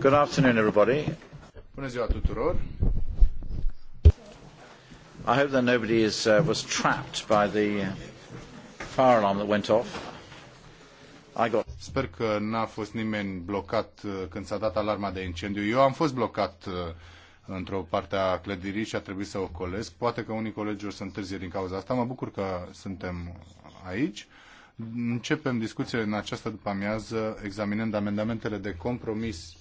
Good afternoon, everybody. Bună ziua tuturor. I hope that nobody is, uh, was trapped by the fire alarm that went off. I got... Sper că n-a fost nimeni blocat uh, când s-a dat alarma de incendiu. Eu am fost blocat uh, într-o parte a clădirii și a trebuit să o colesc. Poate că unii colegi o să întârzie din cauza asta. Mă bucur că suntem aici. Începem discuțiile în această după-amiază examinând amendamentele de compromis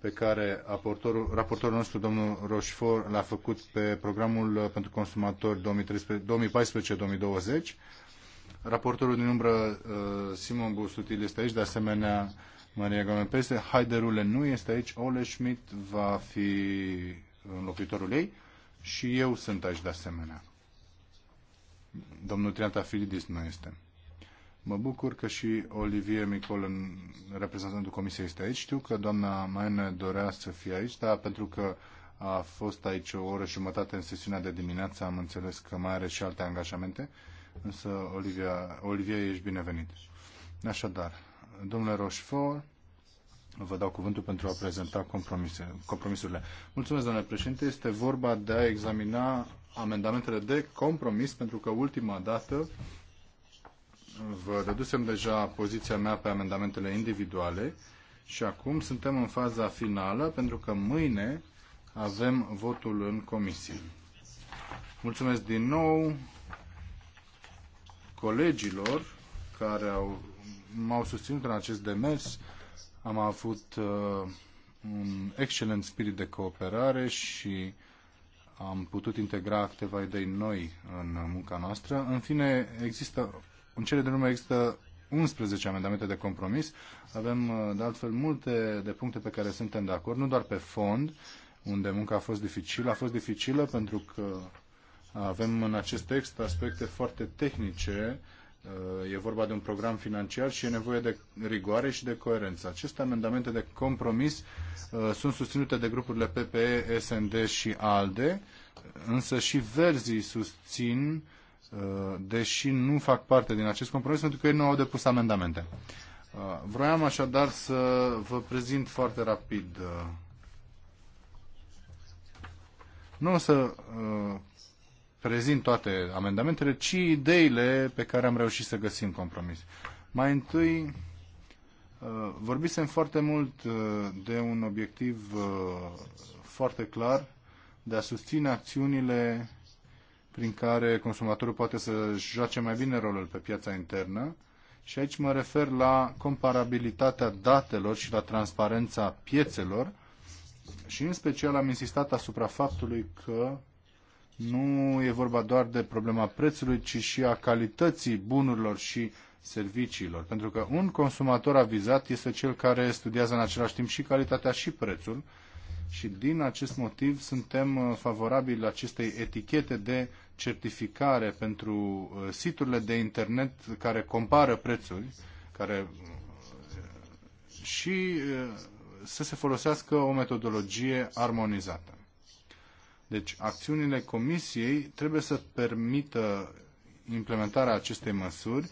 pe care raportorul, nostru, domnul Rochefort, l-a făcut pe programul uh, pentru consumatori 2014-2020. Raportorul din umbră, uh, Simon Busuttil este aici, de asemenea Maria Gomepese. Haiderule nu este aici, Ole Schmidt va fi înlocuitorul ei și eu sunt aici de asemenea. Domnul Trianta Filidis nu este. Mă bucur că și Olivier Micol, în reprezentantul Comisiei, este aici. Știu că doamna Maine dorea să fie aici, dar pentru că a fost aici o oră și jumătate în sesiunea de dimineață, am înțeles că mai are și alte angajamente, însă Olivia, Olivia ești binevenit. Așadar, domnule Rochefort, vă dau cuvântul pentru a prezenta compromisurile. Mulțumesc, domnule președinte. Este vorba de a examina amendamentele de compromis, pentru că ultima dată vă dădusem deja poziția mea pe amendamentele individuale și acum suntem în faza finală pentru că mâine avem votul în comisie. Mulțumesc din nou colegilor care au, m-au susținut în acest demers. Am avut uh, un excelent spirit de cooperare și am putut integra câteva idei noi în munca noastră. În fine, există în cele din urmă există 11 amendamente de compromis. Avem, uh, de altfel, multe de puncte pe care suntem de acord, nu doar pe fond, unde munca a fost dificilă. A fost dificilă pentru că avem în acest text aspecte foarte tehnice. Uh, e vorba de un program financiar și e nevoie de rigoare și de coerență. Aceste amendamente de compromis uh, sunt susținute de grupurile PPE, SND și ALDE, însă și verzii susțin Uh, deși nu fac parte din acest compromis pentru că ei nu au depus amendamente. Uh, vroiam așadar să vă prezint foarte rapid. Uh, nu o să prezint toate amendamentele, ci ideile pe care am reușit să găsim compromis. Mai întâi, vorbisem foarte mult de un obiectiv foarte clar, de a susține acțiunile prin care consumatorul poate să joace mai bine rolul pe piața internă. Și aici mă refer la comparabilitatea datelor și la transparența piețelor și în special am insistat asupra faptului că nu e vorba doar de problema prețului, ci și a calității bunurilor și serviciilor. Pentru că un consumator avizat este cel care studiază în același timp și calitatea și prețul și din acest motiv suntem uh, favorabili acestei etichete de certificare pentru uh, siturile de internet care compară prețuri, care uh, și uh, să se folosească o metodologie armonizată. Deci, acțiunile Comisiei trebuie să permită implementarea acestei măsuri,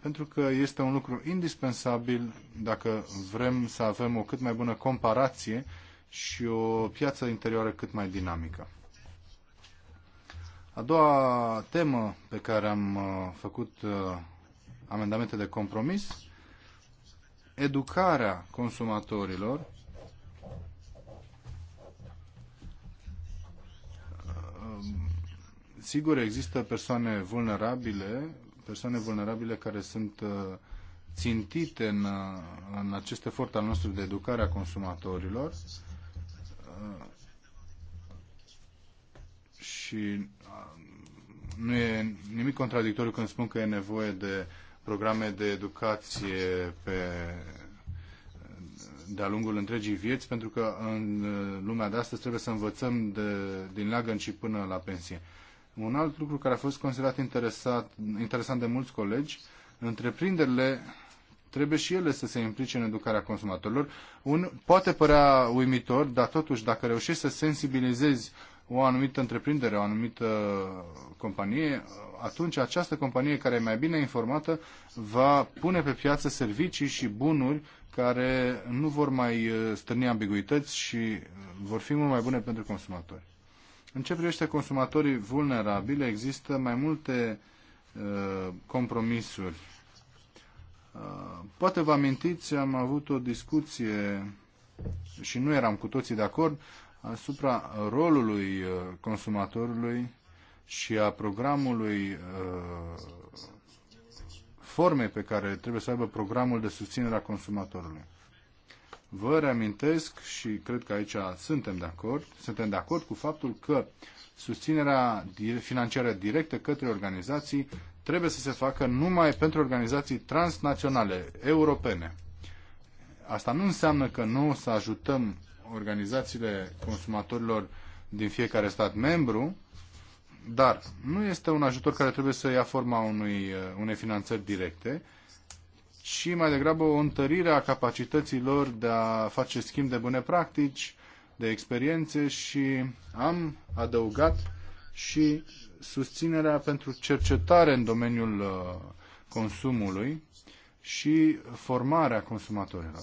pentru că este un lucru indispensabil dacă vrem să avem o cât mai bună comparație și o piață interioară cât mai dinamică. A doua temă pe care am uh, făcut uh, amendamente de compromis, educarea consumatorilor uh, sigur există persoane vulnerabile, persoane vulnerabile care sunt țintite în, în acest efort al nostru de educare a consumatorilor și uh, nu e nimic contradictoriu când spun că e nevoie de programe de educație pe de-a lungul întregii vieți, pentru că în uh, lumea de astăzi trebuie să învățăm de, din leagăn și până la pensie. Un alt lucru care a fost considerat interesat, interesant de mulți colegi, întreprinderile trebuie și ele să se implice în educarea consumatorilor. Un, poate părea uimitor, dar totuși dacă reușești să sensibilizezi o anumită întreprindere, o anumită companie, atunci această companie care e mai bine informată va pune pe piață servicii și bunuri care nu vor mai uh, stârni ambiguități și uh, vor fi mult mai bune pentru consumatori. În ce privește consumatorii vulnerabili, există mai multe uh, compromisuri. Uh, poate vă amintiți, am avut o discuție și nu eram cu toții de acord asupra rolului uh, consumatorului și a programului uh, formei pe care trebuie să aibă programul de susținere a consumatorului. Vă reamintesc și cred că aici suntem de acord, suntem de acord cu faptul că susținerea financiară directă către organizații trebuie să se facă numai pentru organizații transnaționale, europene. Asta nu înseamnă că nu o să ajutăm organizațiile consumatorilor din fiecare stat membru, dar nu este un ajutor care trebuie să ia forma unui, uh, unei finanțări directe, ci mai degrabă o întărire a capacităților de a face schimb de bune practici, de experiențe și am adăugat și susținerea pentru cercetare în domeniul uh, consumului și formarea consumatorilor.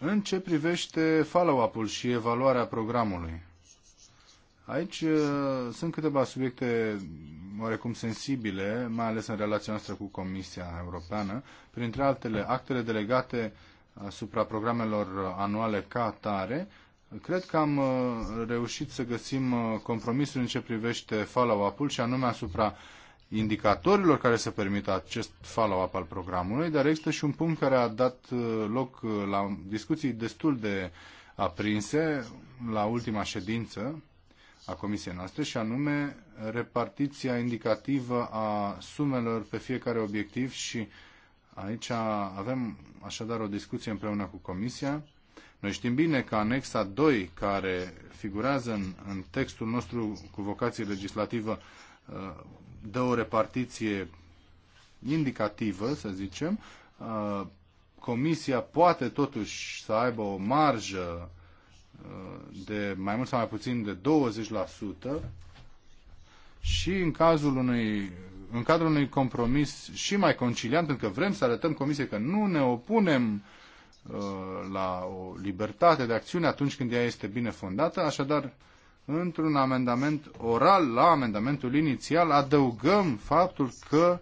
În ce privește follow-up-ul și evaluarea programului, aici uh, sunt câteva subiecte oarecum sensibile, mai ales în relația noastră cu Comisia Europeană, printre altele actele delegate asupra programelor anuale ca atare. Cred că am uh, reușit să găsim uh, compromisul în ce privește follow-up-ul și anume asupra uh, indicatorilor care să permită acest follow-up al programului, dar există și un punct care a dat uh, loc uh, la discuții destul de aprinse la ultima ședință a comisiei noastre și anume repartiția indicativă a sumelor pe fiecare obiectiv și aici avem așadar o discuție împreună cu comisia. Noi știm bine că anexa 2 care figurează în, în textul nostru cu vocație legislativă uh, dă o repartiție indicativă, să zicem, Comisia poate totuși să aibă o marjă de mai mult sau mai puțin de 20% și în cazul unui în cadrul unui compromis și mai conciliant, pentru că vrem să arătăm Comisiei că nu ne opunem la o libertate de acțiune atunci când ea este bine fondată, așadar într-un amendament oral la amendamentul inițial adăugăm faptul că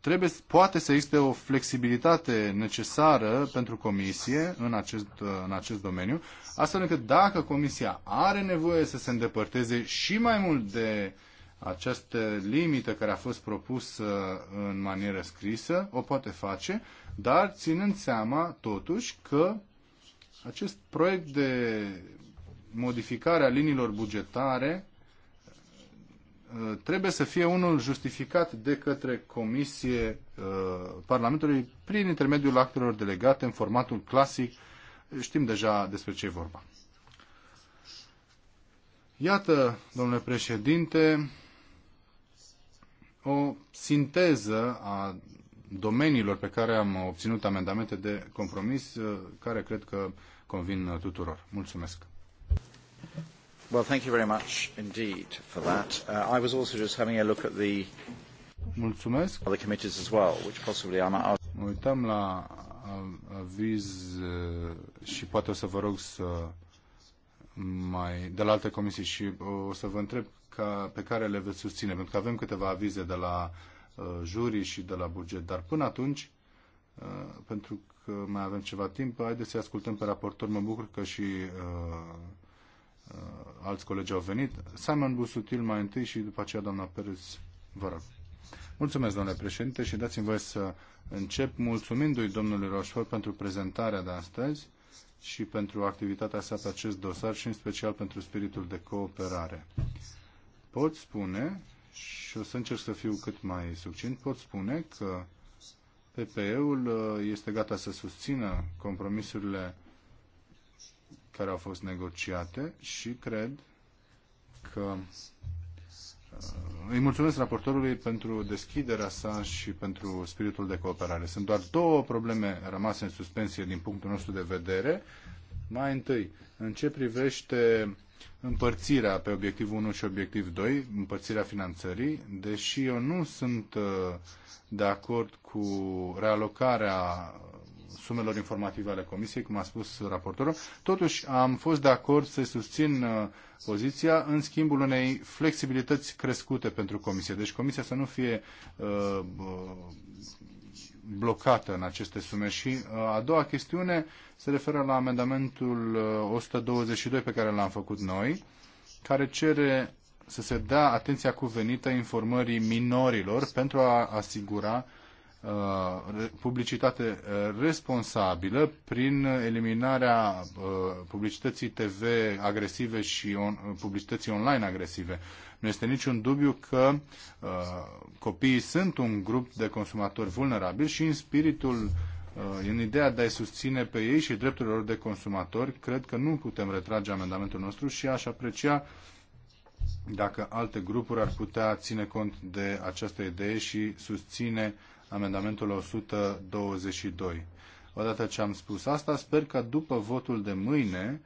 trebuie, poate să existe o flexibilitate necesară pentru comisie în acest, în acest domeniu, astfel încât dacă comisia are nevoie să se îndepărteze și mai mult de această limită care a fost propusă în manieră scrisă, o poate face, dar ținând seama totuși că acest proiect de modificarea liniilor bugetare uh, trebuie să fie unul justificat de către Comisie uh, Parlamentului prin intermediul actelor delegate în formatul clasic. Știm deja despre ce e vorba. Iată, domnule președinte, o sinteză a domeniilor pe care am obținut amendamente de compromis, uh, care cred că convin tuturor. Mulțumesc! Well, thank you very much indeed for that. Uh, I was also just having a look at the Mulțumesc. Other committees as well, which possibly I might ask. Mă uitam la aviz uh, și poate o să vă rog să mai de la alte comisii și uh, o să vă întreb ca, pe care le veți susține, pentru că avem câteva avize de la uh, juri și de la buget, dar până atunci, uh, pentru că mai avem ceva timp, haideți să ascultăm pe raportor, mă bucur că și uh, Uh, alți colegi au venit. Simon Busutil mai întâi și după aceea doamna Perez, vă rog. Mulțumesc, domnule președinte, și dați-mi voie să încep mulțumindu-i domnului Roșfort pentru prezentarea de astăzi și pentru activitatea sa pe acest dosar și în special pentru spiritul de cooperare. Pot spune, și o să încerc să fiu cât mai succint, pot spune că PPE-ul uh, este gata să susțină compromisurile care au fost negociate și cred că uh, îi mulțumesc raportorului pentru deschiderea sa și pentru spiritul de cooperare. Sunt doar două probleme rămase în suspensie din punctul nostru de vedere. Mai întâi, în ce privește împărțirea pe obiectiv 1 și obiectiv 2, împărțirea finanțării, deși eu nu sunt uh, de acord cu realocarea sumelor informative ale Comisiei, cum a spus raportorul. Totuși, am fost de acord să susțin uh, poziția în schimbul unei flexibilități crescute pentru Comisie. Deci Comisia să nu fie uh, blocată în aceste sume. Și uh, a doua chestiune se referă la amendamentul 122 pe care l-am făcut noi, care cere să se dea atenția cuvenită informării minorilor pentru a asigura uh, Uh, publicitate uh, responsabilă prin eliminarea uh, publicității TV agresive și publicității online agresive. Nu este niciun dubiu că copiii sunt un grup de consumatori vulnerabili și în spiritul în ideea de a-i susține pe ei și drepturile lor de consumatori, cred că nu putem retrage amendamentul nostru și aș aprecia dacă alte grupuri ar putea ține cont de această idee și susține uh, amendamentul 122. Odată ce am spus asta, sper că după votul de mâine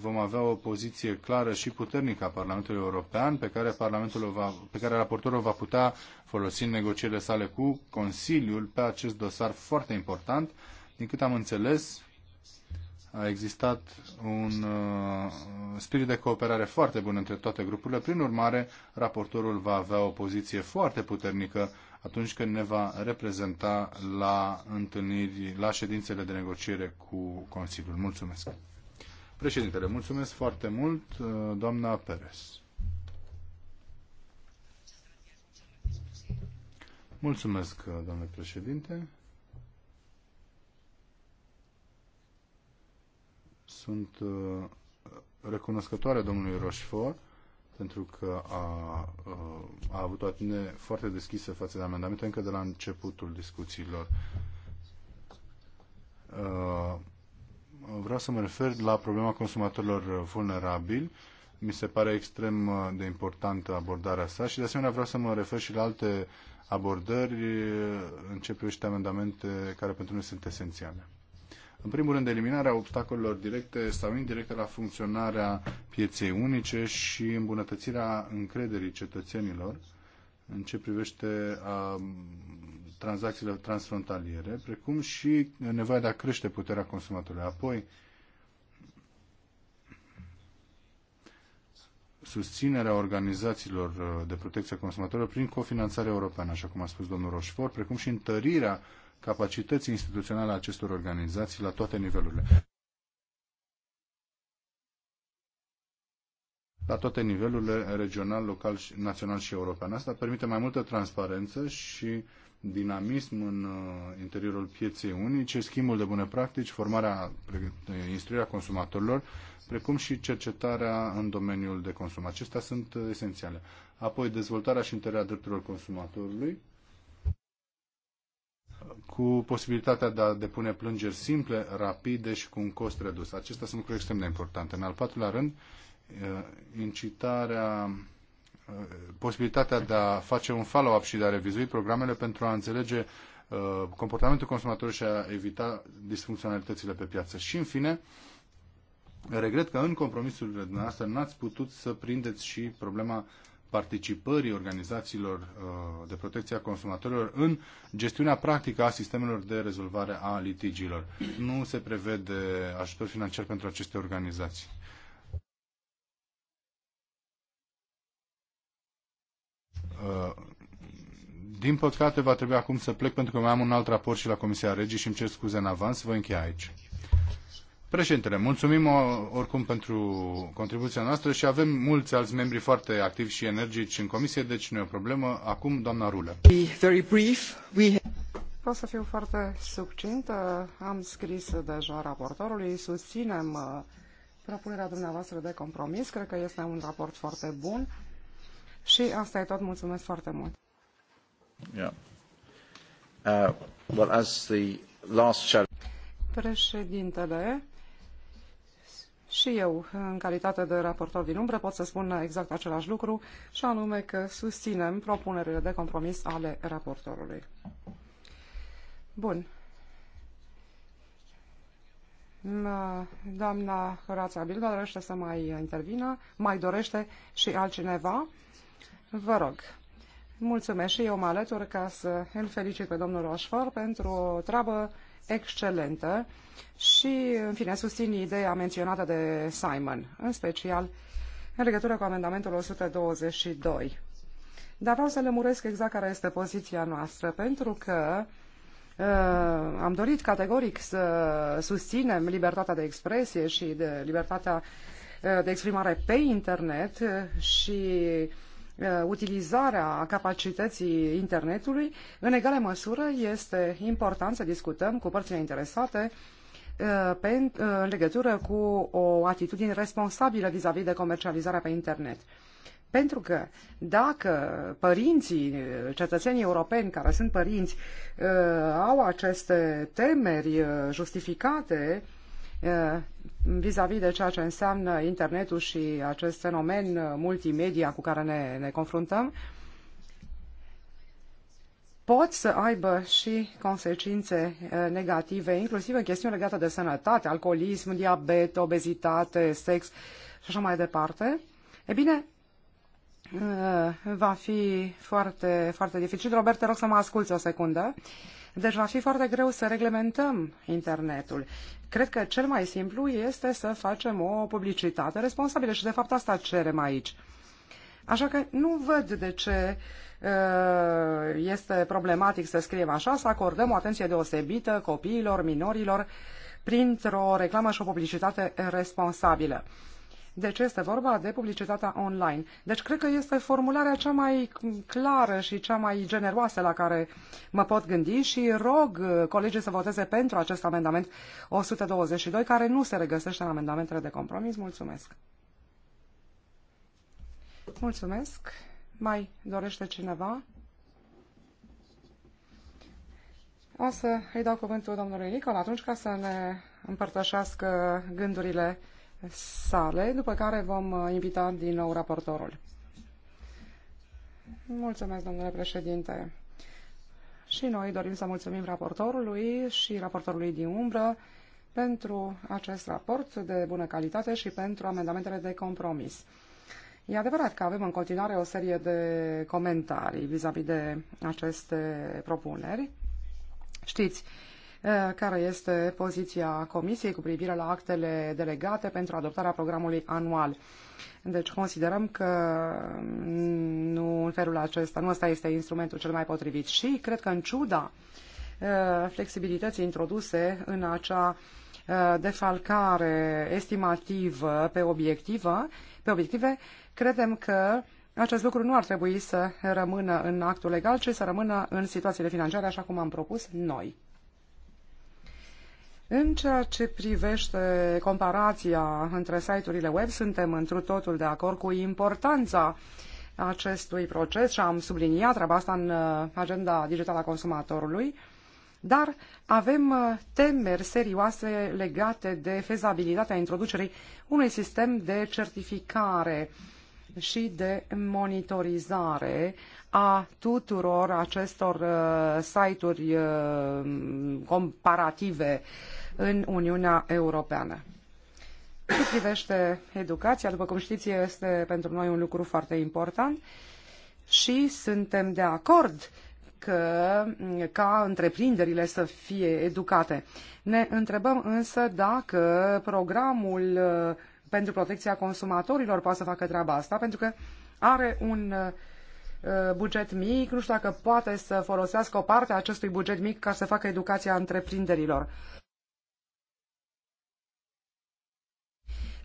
vom avea o poziție clară și puternică a Parlamentului European pe care, Parlamentul va, pe care raportorul va putea folosi în negocierile sale cu Consiliul pe acest dosar foarte important. Din cât am înțeles, a existat un uh, spirit de cooperare foarte bun între toate grupurile. Prin urmare, raportorul va avea o poziție foarte puternică atunci când ne va reprezenta la întâlniri, la ședințele de negociere cu Consiliul. Mulțumesc. Președintele, mulțumesc foarte mult, doamna Perez. Mulțumesc, domnule președinte. Sunt uh, recunoscătoare domnului Rochefort pentru că a, a avut o atitudine foarte deschisă față de amendamente încă de la începutul discuțiilor. Vreau să mă refer la problema consumatorilor vulnerabili. Mi se pare extrem de importantă abordarea sa și de asemenea vreau să mă refer și la alte abordări în ce amendamente care pentru noi sunt esențiale. În primul rând, eliminarea obstacolelor directe sau indirecte la funcționarea pieței unice și îmbunătățirea încrederii cetățenilor în ce privește a, tranzacțiile transfrontaliere, precum și nevoia de a crește puterea consumatorului. Apoi, susținerea organizațiilor de protecție a consumatorilor prin cofinanțare europeană, așa cum a spus domnul Roșfor, precum și întărirea capacității instituționale a acestor organizații la toate nivelurile. la toate nivelurile, regional, local, național și european. Asta permite mai multă transparență și dinamism în uh, interiorul pieței unice, schimbul de bune practici, formarea, instruirea consumatorilor, precum și cercetarea în domeniul de consum. Acestea sunt uh, esențiale. Apoi, dezvoltarea și întărirea drepturilor consumatorului, cu posibilitatea de a depune plângeri simple, rapide și cu un cost redus. Acestea sunt lucruri extrem de importante. În al patrulea rând, uh, incitarea uh, posibilitatea de a face un follow-up și de a revizui programele pentru a înțelege uh, comportamentul consumatorului și a evita disfuncționalitățile pe piață. Și, în fine, regret că în compromisurile dumneavoastră n-ați putut să prindeți și problema participării organizațiilor uh, de protecție a consumatorilor în gestiunea practică a sistemelor de rezolvare a litigiilor. Nu se prevede ajutor financiar pentru aceste organizații. Uh, din păcate, va trebui acum să plec pentru că mai am un alt raport și la Comisia Regii și îmi cer scuze în avans. Voi încheia aici. Președintele, mulțumim uh, oricum pentru contribuția noastră și avem mulți alți membri foarte activi și energici în comisie, deci nu e o problemă. Acum, doamna Rulă. Very brief. să fiu foarte succintă. Am scris deja raportorului. Susținem uh, propunerea dumneavoastră de compromis. Cred că este un raport foarte bun. Și asta e tot. Mulțumesc foarte mult. Yeah. Uh, well, as the last... Președintele, și eu, în calitate de raportor din umbră, pot să spun exact același lucru, și anume că susținem propunerile de compromis ale raportorului. Bun. Doamna Horața Bilba dorește să mai intervină, mai dorește și altcineva. Vă rog. Mulțumesc și eu mă alătur ca să îl felicit pe domnul Roșfor pentru o treabă excelentă și, în fine, susțin ideea menționată de Simon, în special în legătură cu amendamentul 122. Dar vreau să lămuresc exact care este poziția noastră, pentru că uh, am dorit categoric să susținem libertatea de expresie și de libertatea uh, de exprimare pe internet și uh, Uh, utilizarea capacității internetului, în egală măsură este important să discutăm cu părțile interesate uh, uh, în legătură cu o atitudine responsabilă vis-a-vis -vis de comercializarea pe internet. Pentru că dacă părinții, cetățenii europeni care sunt părinți, au aceste temeri justificate, vis-a-vis de ceea ce înseamnă internetul și acest fenomen multimedia cu care ne, ne confruntăm, pot să aibă și consecințe negative, inclusiv în chestiuni legate de sănătate, alcoolism, diabet, obezitate, sex și așa mai departe. E bine, va fi foarte, foarte dificil. Robert, te rog să mă asculți o secundă. Uh, deci va fi foarte greu să reglementăm internetul. Cred că cel mai simplu este să facem o publicitate responsabilă și de fapt asta cerem aici. Așa că nu văd de ce uh, este problematic să scriem așa, să acordăm o atenție deosebită copiilor, minorilor, printr-o reclamă și o publicitate responsabilă. De ce este vorba de publicitatea online. Deci cred că este formularea cea mai clară și cea mai generoasă la care mă pot gândi și rog uh, colegii să voteze pentru acest amendament 122 care nu se regăsește în amendamentele de compromis. Mulțumesc! Mulțumesc! Mai dorește cineva? O să îi dau cuvântul domnului Nicol atunci ca să ne împărtășească gândurile sale, după care vom uh, invita din nou raportorul. Mulțumesc, domnule președinte. Și noi dorim să mulțumim raportorului și raportorului din umbră pentru acest raport de bună calitate și pentru amendamentele de compromis. E adevărat că avem în continuare o serie de comentarii vis-a-vis -vis de aceste propuneri. Știți, Eh, care este poziția Comisiei cu privire la actele delegate pentru adoptarea programului anual. Deci considerăm că nu în felul acesta, nu ăsta este instrumentul cel mai potrivit și cred că în ciuda eh, flexibilității introduse în acea eh, defalcare estimativă pe, obiectivă, pe obiective, credem că acest lucru nu ar trebui să rămână în actul legal, ci să rămână în situațiile financiare, așa cum am propus noi. În ceea ce privește comparația între site-urile web, suntem întru totul de acord cu importanța acestui proces și am subliniat treaba asta în uh, agenda digitală a consumatorului, dar avem uh, temeri serioase legate de fezabilitatea introducerii unui sistem de certificare și de monitorizare a tuturor acestor uh, site-uri uh, comparative în Uniunea Europeană. Ce privește educația, după cum știți, este pentru noi un lucru foarte important și suntem de acord că, ca întreprinderile să fie educate. Ne întrebăm însă dacă programul uh, pentru protecția consumatorilor poate să facă treaba asta, pentru că are un uh, Uh, buget mic, nu știu dacă poate să folosească o parte a acestui buget mic ca să facă educația întreprinderilor.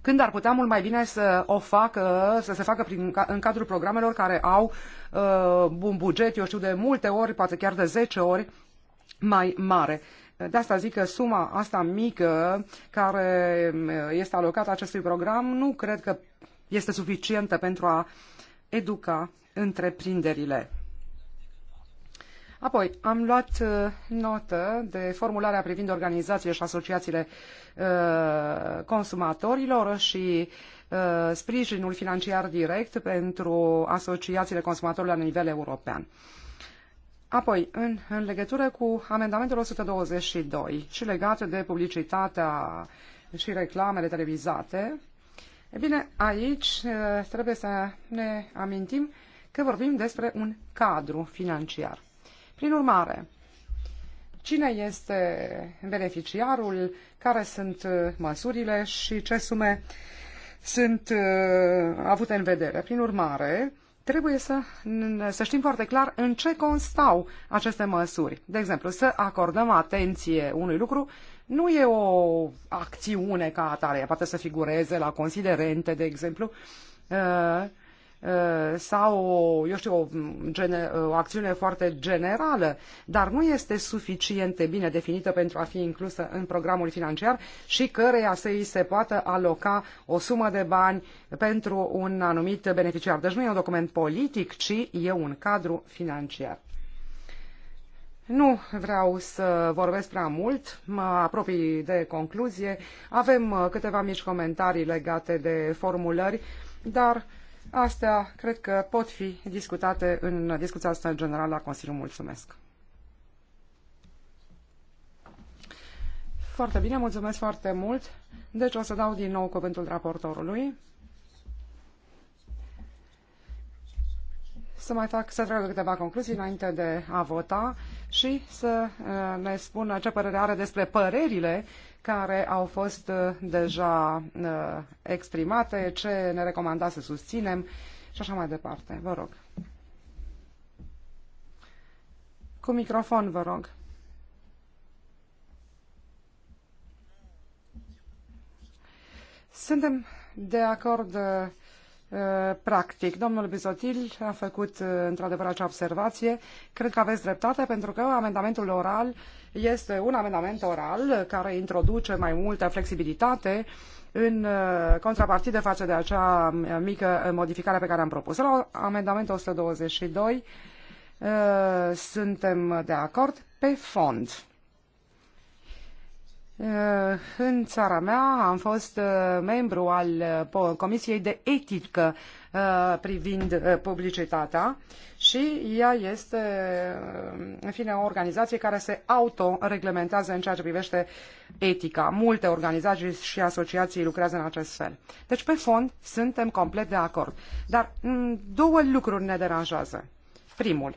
când ar putea mult mai bine să o facă, să se facă prin, în cadrul programelor care au uh, un buget, eu știu, de multe ori, poate chiar de 10 ori mai mare. De asta zic că suma asta mică care uh, este alocată acestui program nu cred că este suficientă pentru a educa întreprinderile. Apoi, am luat uh, notă de formularea privind organizațiile și asociațiile uh, consumatorilor și uh, sprijinul financiar direct pentru asociațiile consumatorilor la nivel european. Apoi, în, în legătură cu amendamentul 122 și legat de publicitatea și reclamele televizate, e bine, aici trebuie să ne amintim că vorbim despre un cadru financiar. Prin urmare, cine este beneficiarul, care sunt uh, măsurile și ce sume sunt uh, avute în vedere. Prin urmare, trebuie să, să știm foarte clar în ce constau aceste măsuri. De exemplu, să acordăm atenție unui lucru nu e o acțiune ca atare, poate să figureze la considerente, de exemplu, uh, Uh, sau eu știu, o, gene, o acțiune foarte generală, dar nu este suficient de bine definită pentru a fi inclusă în programul financiar și căreia să îi se poată aloca o sumă de bani pentru un anumit beneficiar. Deci nu e un document politic, ci e un cadru financiar. Nu vreau să vorbesc prea mult, mă apropii de concluzie. Avem uh, câteva mici comentarii legate de formulări, dar uh, Astea cred că pot fi discutate în discuția asta în la Consiliu. Mulțumesc! Foarte bine, mulțumesc foarte mult. Deci o să dau din nou cuvântul raportorului. Să mai fac, să trag câteva concluzii înainte de a vota și să uh, ne spună ce părere are despre părerile care au fost uh, deja uh, exprimate, ce ne recomanda să susținem și așa mai departe. Vă rog. Cu microfon, vă rog. Suntem de acord Uh, practic. Domnul Bizotil a făcut uh, într-adevăr acea observație. Cred că aveți dreptate pentru că amendamentul oral este un amendament oral care introduce mai multă flexibilitate în uh, contrapartidă față de acea mică modificare pe care am propus. La amendamentul 122 suntem de acord pe fond. Uh, în țara mea am fost uh, membru al uh, Comisiei de Etică privind publicitatea și ea este, în fine, o organizație care se autoreglementează în ceea ce privește etica. Multe organizații și asociații lucrează în acest fel. Deci, pe fond, suntem complet de acord. Dar mm, două lucruri ne deranjează. Primul,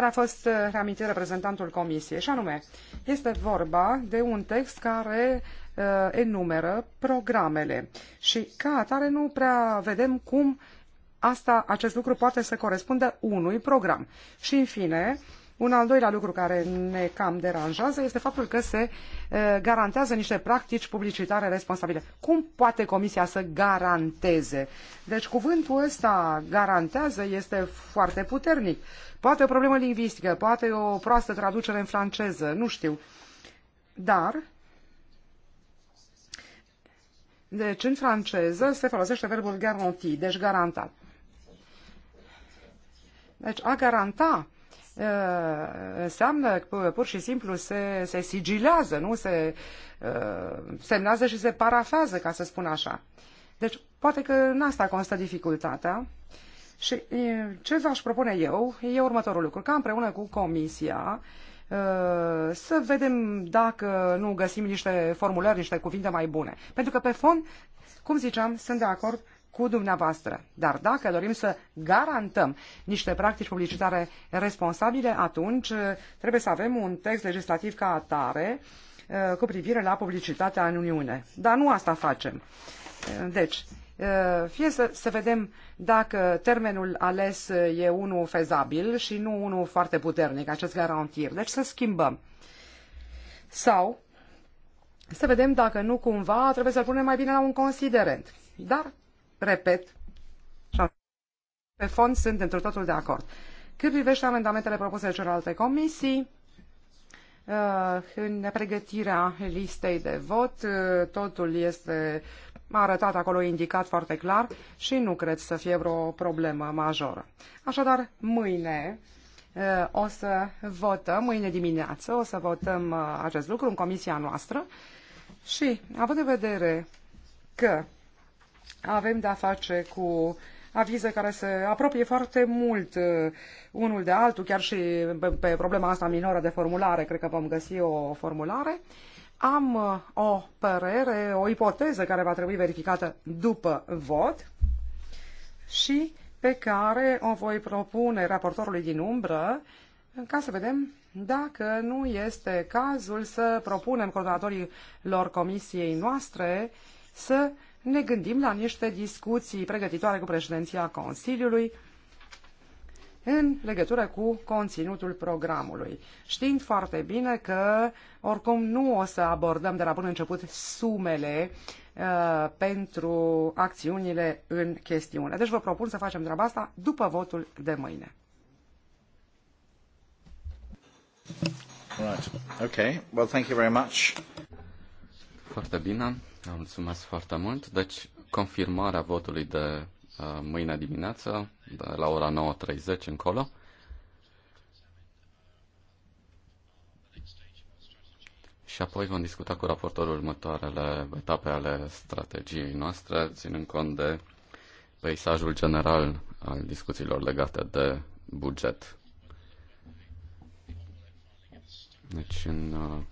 care a fost uh, reamintit reprezentantul Comisiei. Și anume, este vorba de un text care uh, enumeră programele și ca atare nu prea vedem cum asta, acest lucru poate să corespundă unui program. Și în fine, uh, un al doilea lucru care ne cam deranjează este faptul că se garantează niște practici publicitare responsabile. Cum poate Comisia să garanteze? Deci cuvântul ăsta garantează este foarte puternic. Poate o problemă lingvistică, poate o proastă traducere în franceză, nu știu. Dar deci în franceză se folosește verbul garanti, deci garantat. Deci a garanta Uh, înseamnă pur și simplu se, se sigilează, nu? Se uh, semnează și se parafează, ca să spun așa. Deci, poate că în asta constă dificultatea. Și ce v-aș propune eu e următorul lucru, ca împreună cu Comisia uh, să vedem dacă nu găsim niște formulări, niște cuvinte mai bune. Pentru că pe fond, cum ziceam, sunt de acord cu dumneavoastră. Dar dacă dorim să garantăm niște practici publicitare responsabile, atunci uh, trebuie să avem un text legislativ ca atare uh, cu privire la publicitatea în Uniune. Dar nu asta facem. Uh, deci, fie să, să vedem dacă termenul ales e unul fezabil și nu unul foarte puternic, acest garantir. Deci să schimbăm. Sau să vedem dacă nu cumva trebuie să-l punem mai bine la un considerent. Dar repet, pe fond sunt într totul de acord. Cât privește amendamentele propuse de celelalte comisii, uh, în pregătirea listei de vot, uh, totul este arătat acolo, indicat foarte clar și nu cred să fie vreo problemă majoră. Așadar, mâine uh, o să votăm, mâine dimineață o să votăm acest lucru în comisia noastră și, având în vedere că avem de-a face cu avize care se apropie foarte mult uh, unul de altul, chiar și pe problema asta minoră de formulare, cred că vom găsi o formulare. Am uh, o părere, o ipoteză care va trebui verificată după vot și pe care o voi propune raportorului din umbră ca să vedem dacă nu este cazul să propunem coordonatorilor comisiei noastre să ne gândim la niște discuții pregătitoare cu președinția Consiliului în legătură cu conținutul programului, știind foarte bine că oricum nu o să abordăm de la bun început sumele uh, pentru acțiunile în chestiune. Deci vă propun să facem treaba asta după votul de mâine. Right. Okay. Well, thank you very much. Foarte bine, mulțumesc foarte mult. Deci, confirmarea votului de uh, mâine dimineață, de la ora 9.30 încolo. Și apoi vom discuta cu raportorul următoarele etape ale strategiei noastre, ținând cont de peisajul general al discuțiilor legate de buget. Deci, în uh,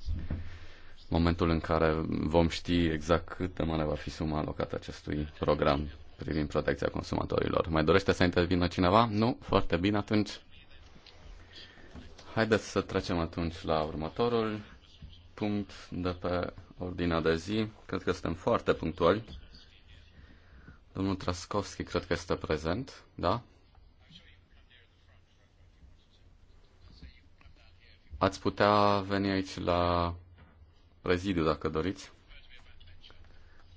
momentul în care vom ști exact cât de mare va fi suma alocată acestui program privind protecția consumatorilor. Mai dorește să intervină cineva? Nu? Foarte bine atunci. Haideți să trecem atunci la următorul punct de pe ordinea de zi. Cred că suntem foarte punctuali. Domnul Traskovski cred că este prezent, da? Ați putea veni aici la prezidiu, dacă doriți.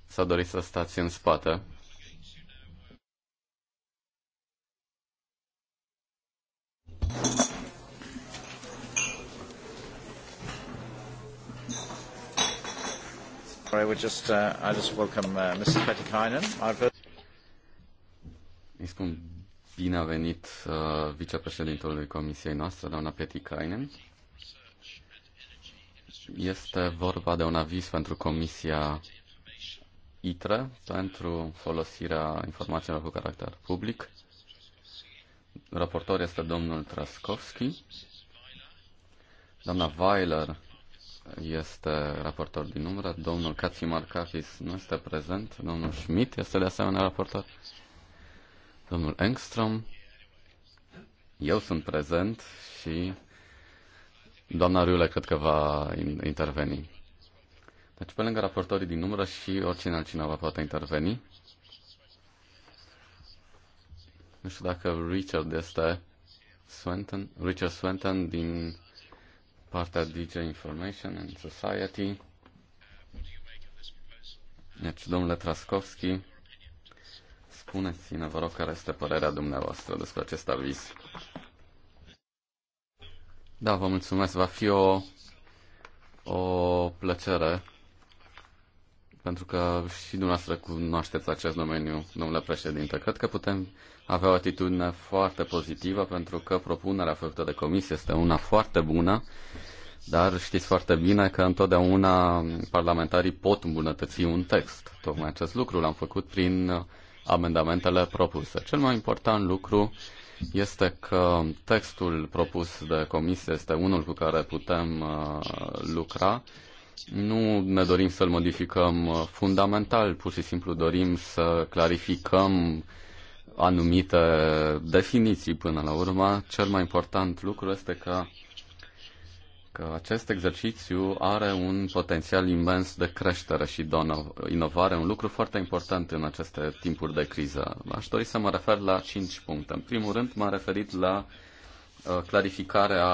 Să doriți să stați în spate. I would just, uh, I just welcome uh, Mrs. Petikainen. I've heard... Îi spun bine a venit uh, vicepreședintelui comisiei noastre, doamna Petikainen. Este vorba de un aviz pentru Comisia ITRE pentru folosirea informațiilor cu caracter public. Raportor este domnul Traskowski. Doamna Weiler este raportor din umbră, domnul Kacimarkakis nu este prezent, domnul Schmidt este de asemenea raportor, domnul Engström, eu sunt prezent și Doamna Riule cred că va interveni. Deci pe lângă raportorii din numără și oricine altcineva poate interveni. Nu știu dacă Richard este Swenton, Richard Swenton din partea DJ Information and Society. Deci, domnule Traskovski, spuneți-ne, vă rog, care este părerea dumneavoastră despre acest aviz. Da, vă mulțumesc. Va fi o, o plăcere pentru că și dumneavoastră cunoașteți acest domeniu, domnule președinte. Cred că putem avea o atitudine foarte pozitivă pentru că propunerea făcută de comisie este una foarte bună, dar știți foarte bine că întotdeauna parlamentarii pot îmbunătăți un text. Tocmai acest lucru l-am făcut prin amendamentele propuse. Cel mai important lucru este că textul propus de comisie este unul cu care putem uh, lucra. Nu ne dorim să-l modificăm uh, fundamental, pur și simplu dorim să clarificăm anumite definiții până la urmă. Cel mai important lucru este că că acest exercițiu are un potențial imens de creștere și de inovare, un lucru foarte important în aceste timpuri de criză. Aș dori să mă refer la cinci puncte. În primul rând, m-am referit la uh, clarificarea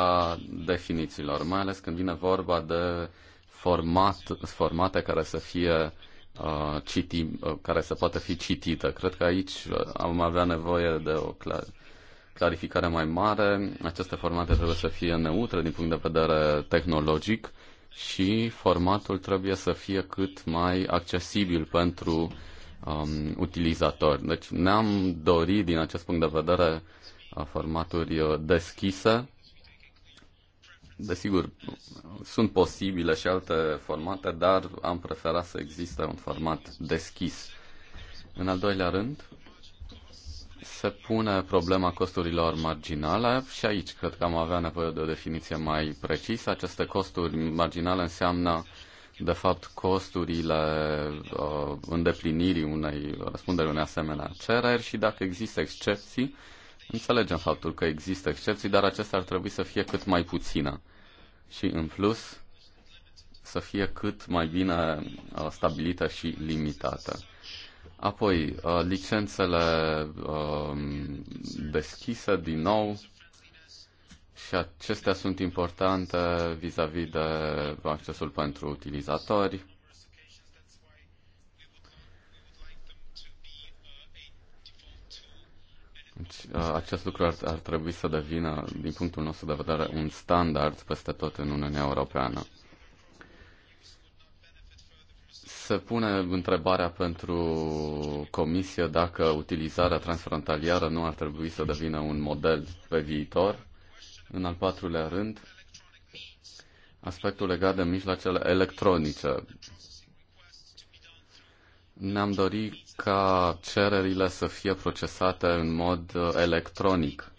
definițiilor, mai ales când vine vorba de format, formate care să fie uh, citi, uh, care să poată fi citită. Cred că aici uh, am avea nevoie de o clar- clarificare mai mare. Aceste formate trebuie să fie neutre din punct de vedere tehnologic și formatul trebuie să fie cât mai accesibil pentru um, utilizatori. Deci ne-am dorit din acest punct de vedere uh, formaturi uh, deschise. Desigur, sunt posibile și alte formate, dar am preferat să existe un format deschis. În al doilea rând, se pune problema costurilor marginale și aici cred că am avea nevoie de o definiție mai precisă. Aceste costuri marginale înseamnă de fapt costurile uh, îndeplinirii unei răspunderi unei asemenea cereri și dacă există excepții, înțelegem faptul că există excepții, dar acestea ar trebui să fie cât mai puțină. și în plus să fie cât mai bine uh, stabilită și limitată. Apoi, uh, licențele um, deschise din nou și acestea sunt importante vis-a-vis -vis de accesul pentru utilizatori. Deci, uh, acest lucru ar, ar trebui să devină, din punctul nostru de vedere, un standard peste tot în Uniunea Europeană. se pune întrebarea pentru Comisie dacă utilizarea transfrontalieră nu ar trebui să devină un model pe viitor. În al patrulea rând, aspectul legat de mijloacele electronice. Ne-am dorit ca cererile să fie procesate în mod electronic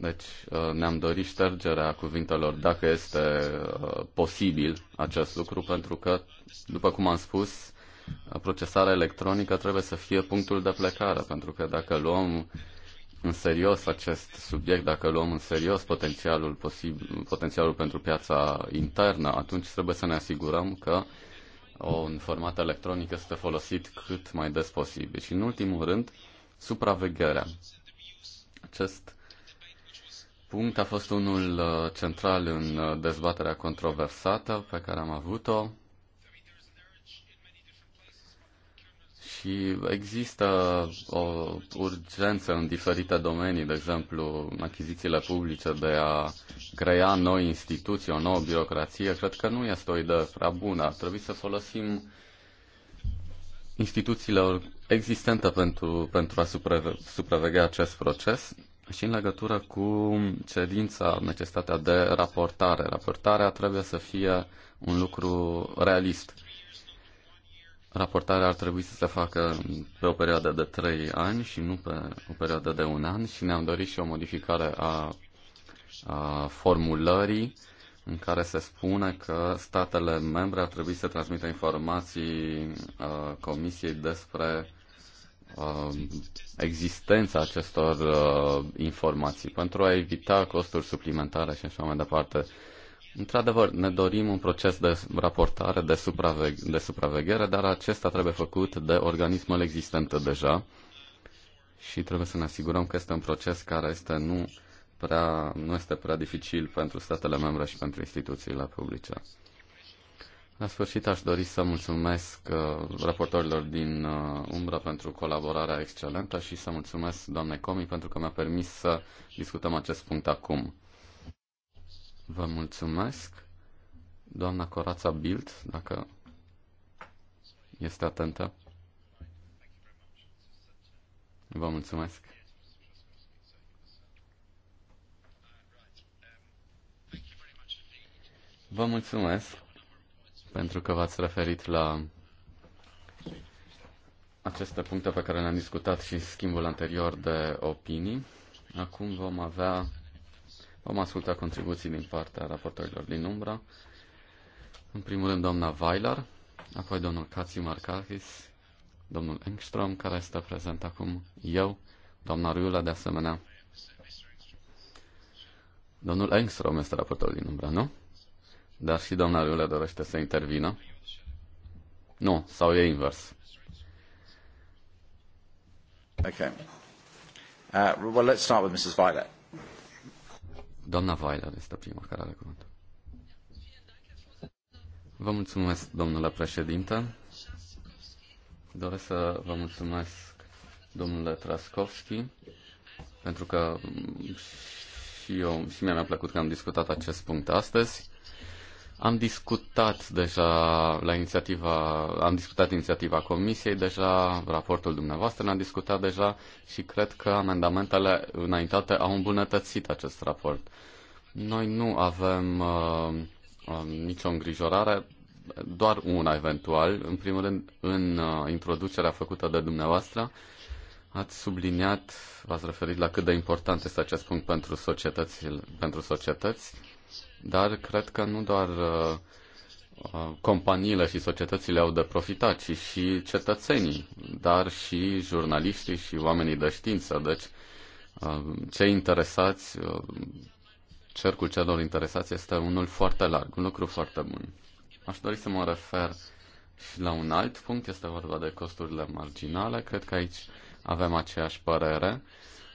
deci uh, ne-am dorit ștergerea cuvintelor dacă este uh, posibil acest lucru, pentru că, după cum am spus, procesarea electronică trebuie să fie punctul de plecare, pentru că dacă luăm în serios acest subiect, dacă luăm în serios potențialul, posibil, potențialul pentru piața internă, atunci trebuie să ne asigurăm că un format electronic este folosit cât mai des posibil. Și în ultimul rând, supravegherea. Acest punct a fost unul uh, central în uh, dezbaterea controversată pe care am avut-o. Și există o urgență în diferite domenii, de exemplu, în achizițiile publice de a crea noi instituții, o nouă birocrație. Cred că nu este o idee prea bună. Ar trebui să folosim instituțiile existente pentru, pentru a supraveghea acest proces și în legătură cu cerința, necesitatea de raportare. Raportarea trebuie să fie un lucru realist. Raportarea ar trebui să se facă pe o perioadă de 3 ani și nu pe o perioadă de un an și ne-am dorit și o modificare a, a formulării în care se spune că statele membre ar trebui să transmită informații a, Comisiei despre Uh, existența acestor uh, informații, pentru a evita costuri suplimentare și așa mai departe. Într-adevăr, ne dorim un proces de raportare, de, supraveg- de supraveghere, dar acesta trebuie făcut de organismele existente deja și trebuie să ne asigurăm că este un proces care este nu, prea, nu este prea dificil pentru statele membre și pentru instituțiile publice. La sfârșit aș dori să mulțumesc uh, raportorilor din uh, Umbra pentru colaborarea excelentă și să mulțumesc doamnei Comi pentru că mi-a permis să discutăm acest punct acum. Vă mulțumesc. Doamna Corața Bilt, dacă este atentă. Vă mulțumesc. Vă mulțumesc pentru că v-ați referit la aceste puncte pe care le-am discutat și în schimbul anterior de opinii. Acum vom avea, vom asculta contribuții din partea raportorilor din umbra. În primul rând, doamna Weiler, apoi domnul Katsi Markakis, domnul Engström, care este prezent acum, eu, doamna Ruiula, de asemenea. Domnul Engström este raportorul din umbra, nu? Dar și doamna Iulia dorește să intervină. Nu, sau e invers. Okay. Uh, well, let's start with Mrs. Violet. Doamna Violet este prima care are cuvântul. Vă mulțumesc, domnule președinte. Doresc să vă mulțumesc, domnule Traskovski, pentru că și eu, și mie mi-a plăcut că am discutat acest punct astăzi. Am discutat deja la inițiativa, am discutat inițiativa comisiei deja, raportul dumneavoastră ne am discutat deja și cred că amendamentele înaintate au îmbunătățit acest raport. Noi nu avem uh, uh, nicio îngrijorare, doar una eventual. În primul rând, în uh, introducerea făcută de dumneavoastră, ați subliniat, v-ați referit la cât de important este acest punct pentru societăți, pentru societăți dar cred că nu doar uh, uh, companiile și societățile au de profitat, ci și cetățenii, dar și jurnaliștii și oamenii de știință. Deci, uh, cei interesați, cercul celor interesați este unul foarte larg, un lucru foarte bun. Aș dori să mă refer și la un alt punct, este vorba de costurile marginale. Cred că aici avem aceeași părere.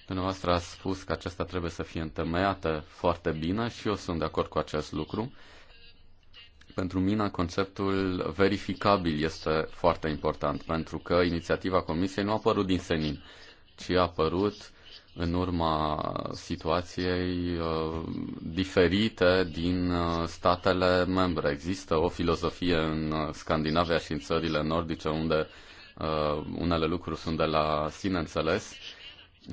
Dumneavoastră a spus că acesta trebuie să fie întemeiată foarte bine și eu sunt de acord cu acest lucru. Pentru mine conceptul verificabil este foarte important, pentru că inițiativa Comisiei nu a apărut din senin, ci a apărut în urma situației uh, diferite din uh, statele membre. Există o filozofie în uh, Scandinavia și în țările nordice unde unele lucruri sunt de la sine înțeles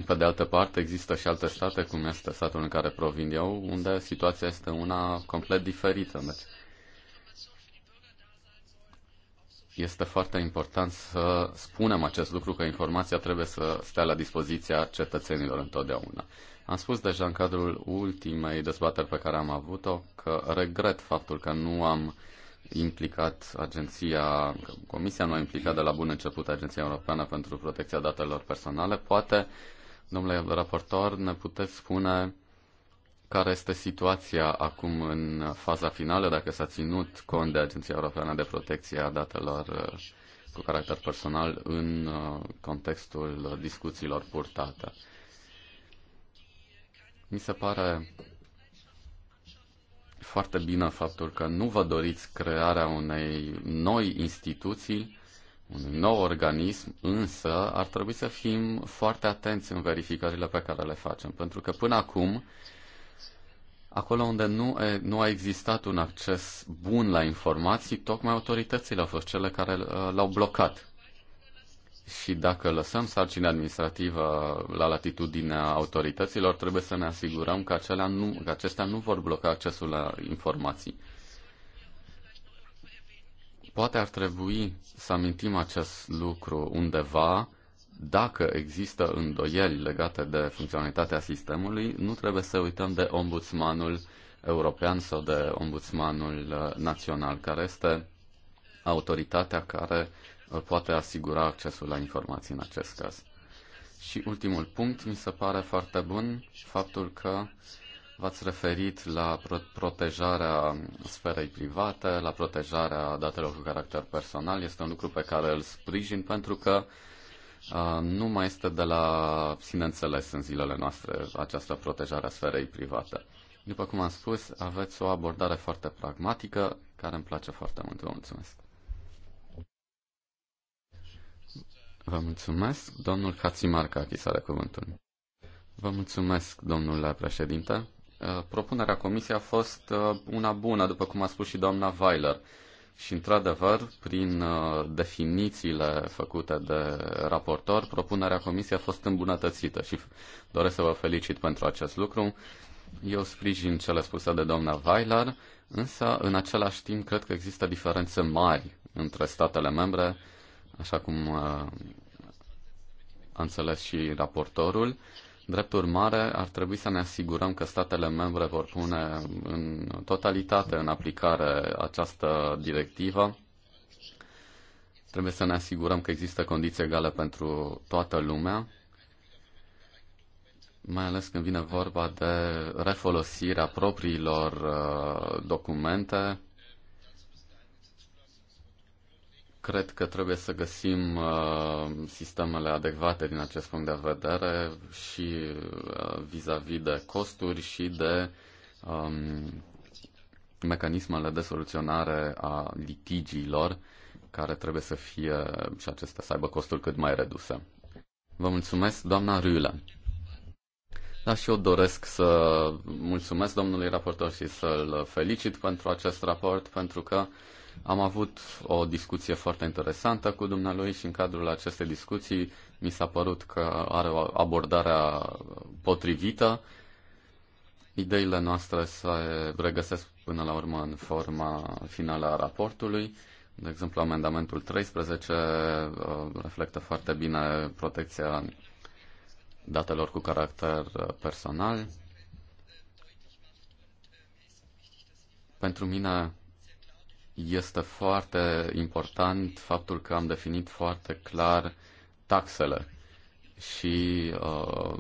pe de altă parte, există și alte state, cum este statul în care provin eu, unde situația este una complet diferită. Deci, este foarte important să spunem acest lucru, că informația trebuie să stea la dispoziția cetățenilor întotdeauna. Am spus deja în cadrul ultimei dezbateri pe care am avut-o că regret faptul că nu am implicat agenția, Comisia nu a implicat de la bun început Agenția Europeană pentru Protecția Datelor Personale. Poate uh, Domnule raportor, ne puteți spune care este situația acum în faza finală, dacă s-a ținut cont de Agenția Europeană de Protecție a Datelor uh, cu caracter personal în uh, contextul discuțiilor purtate. Mi se pare foarte bine faptul că nu vă doriți crearea unei noi instituții un nou organism, însă ar trebui să fim foarte atenți în verificările pe care le facem, pentru că până acum, acolo unde nu, e, nu a existat un acces bun la informații, tocmai autoritățile au fost cele care uh, l-au blocat. Și dacă lăsăm sarcina administrativă la latitudinea autorităților, trebuie să ne asigurăm că, acelea nu, că acestea nu vor bloca accesul la informații. Poate ar trebui să amintim acest lucru undeva. Dacă există îndoieli legate de funcționalitatea sistemului, nu trebuie să uităm de ombudsmanul european sau de ombudsmanul uh, național, care este autoritatea care uh, poate asigura accesul la informații în acest caz. Și ultimul punct mi se pare foarte bun, faptul că V-ați referit la protejarea sferei private, la protejarea datelor cu caracter personal. Este un lucru pe care îl sprijin pentru că nu mai este de la sine înțeles în zilele noastre această protejare a sferei private. După cum am spus, aveți o abordare foarte pragmatică, care îmi place foarte mult. Vă mulțumesc. Vă mulțumesc. Domnul Hatzimarca, are cuvântul. Vă mulțumesc, domnule președinte. Uh, propunerea comisiei a fost uh, una bună, după cum a spus și doamna Weiler. Și, într-adevăr, prin uh, definițiile făcute de raportor, propunerea comisiei a fost îmbunătățită și doresc să vă felicit pentru acest lucru. Eu sprijin cele spuse de doamna Weiler, însă, în același timp, cred că există diferențe mari între statele membre, așa cum a înțeles și raportorul. Uh, Drept urmare, ar trebui să ne asigurăm că statele membre vor pune în totalitate în aplicare această directivă. Trebuie să ne asigurăm că există condiții egale pentru toată lumea, mai ales când vine vorba de refolosirea propriilor uh, documente Cred că trebuie să găsim uh, sistemele adecvate din acest punct de vedere și uh, vis-a-vis -vis de costuri și de um, mecanismele de soluționare a litigiilor care trebuie să fie și acestea să aibă costuri cât mai reduse. Vă mulțumesc, doamna Râle. Da, și eu doresc să mulțumesc domnului raportor și să-l felicit pentru acest raport, pentru că am avut o discuție foarte interesantă cu dumnealui și în cadrul acestei discuții mi s-a părut că are o abordare potrivită. Ideile noastre se regăsesc până la urmă în forma finală a raportului. De exemplu, amendamentul 13 uh, reflectă foarte bine protecția datelor cu caracter uh, personal. Pentru mine este foarte important faptul că am definit foarte clar taxele și uh,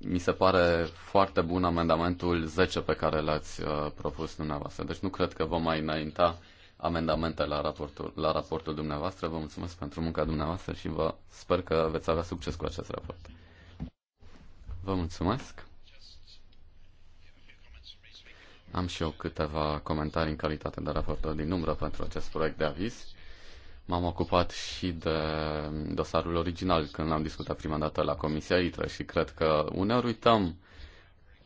mi se pare foarte bun amendamentul 10 pe care l-ați uh, propus dumneavoastră. Deci nu cred că vom mai înainta amendamente la raportul, la raportul dumneavoastră. Vă mulțumesc pentru munca dumneavoastră și vă sper că veți avea succes cu acest raport. Vă mulțumesc. Am și eu câteva comentarii în calitate de raportor din umbră pentru acest proiect de aviz. M-am ocupat și de dosarul original când l-am discutat prima dată la Comisia ITRE și cred că uneori uităm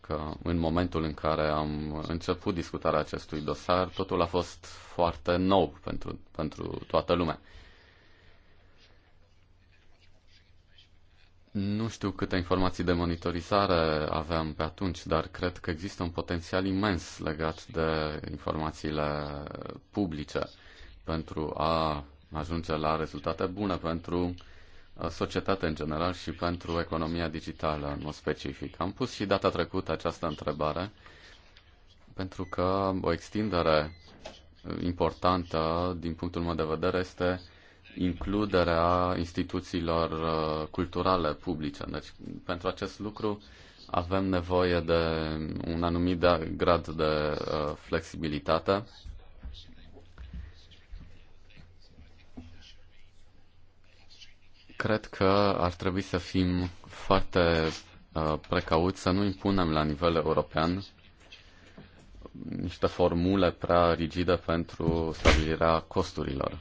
că în momentul în care am început discutarea acestui dosar, totul a fost foarte nou pentru, pentru toată lumea. Nu știu câte informații de monitorizare aveam pe atunci, dar cred că există un potențial imens legat de informațiile publice pentru a ajunge la rezultate bune pentru uh, societate în general și pentru economia digitală în mod specific. Am pus și data trecută această întrebare pentru că o extindere importantă din punctul meu de vedere este includerea instituțiilor uh, culturale publice. Deci, pentru acest lucru avem nevoie de un anumit grad de uh, flexibilitate. Cred că ar trebui să fim foarte uh, precauți să nu impunem la nivel european niște formule prea rigide pentru stabilirea costurilor.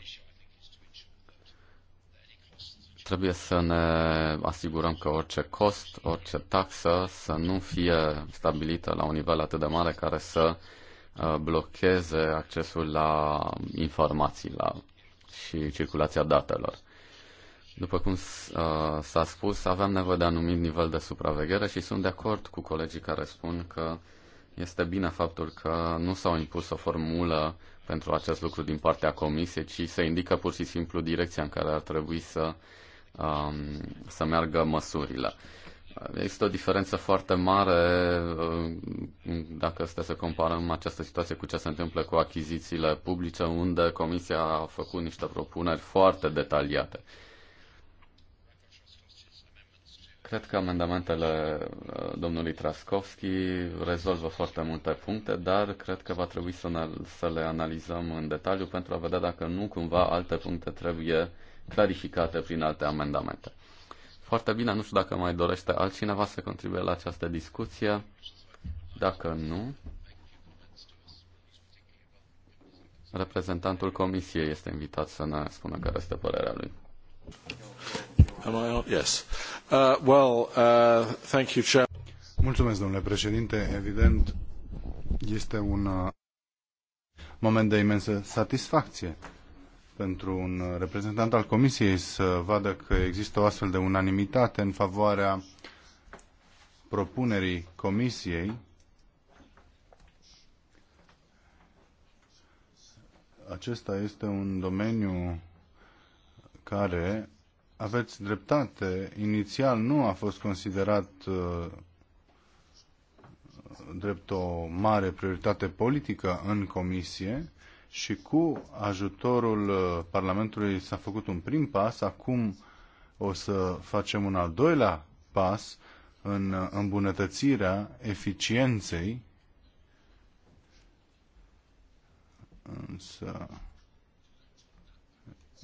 Trebuie să ne asigurăm că orice cost, orice taxă să nu fie stabilită la un nivel atât de mare care să uh, blocheze accesul la informații la, și circulația datelor. După cum uh, s-a spus, avem nevoie de anumit nivel de supraveghere și sunt de acord cu colegii care spun că este bine faptul că nu s-au impus o formulă pentru acest lucru din partea comisiei, ci se indică pur și simplu direcția în care ar trebui să uh, Um, să meargă măsurile. Există o diferență foarte mare um, dacă este să comparăm această situație cu ce se întâmplă cu achizițiile publice, unde Comisia a făcut niște propuneri foarte detaliate. Cred că amendamentele uh, domnului Traskovski rezolvă foarte multe puncte, dar cred că va trebui să, ne, să le analizăm în detaliu pentru a vedea dacă nu cumva alte puncte trebuie clarificate prin alte amendamente. Foarte bine, nu știu dacă mai dorește altcineva să contribuie la această discuție. Dacă nu, reprezentantul comisiei este invitat să ne spună care este părerea lui. Yes. Uh, well, uh, thank you, Chair. Mulțumesc, domnule președinte. Evident, este un uh, moment de imensă satisfacție pentru un reprezentant al Comisiei să vadă că există o astfel de unanimitate în favoarea propunerii Comisiei acesta este un domeniu care, aveți dreptate, inițial nu a fost considerat uh, drept o mare prioritate politică în comisie, și cu ajutorul uh, Parlamentului s-a făcut un prim pas. Acum o să facem un al doilea pas în uh, îmbunătățirea eficienței. Însă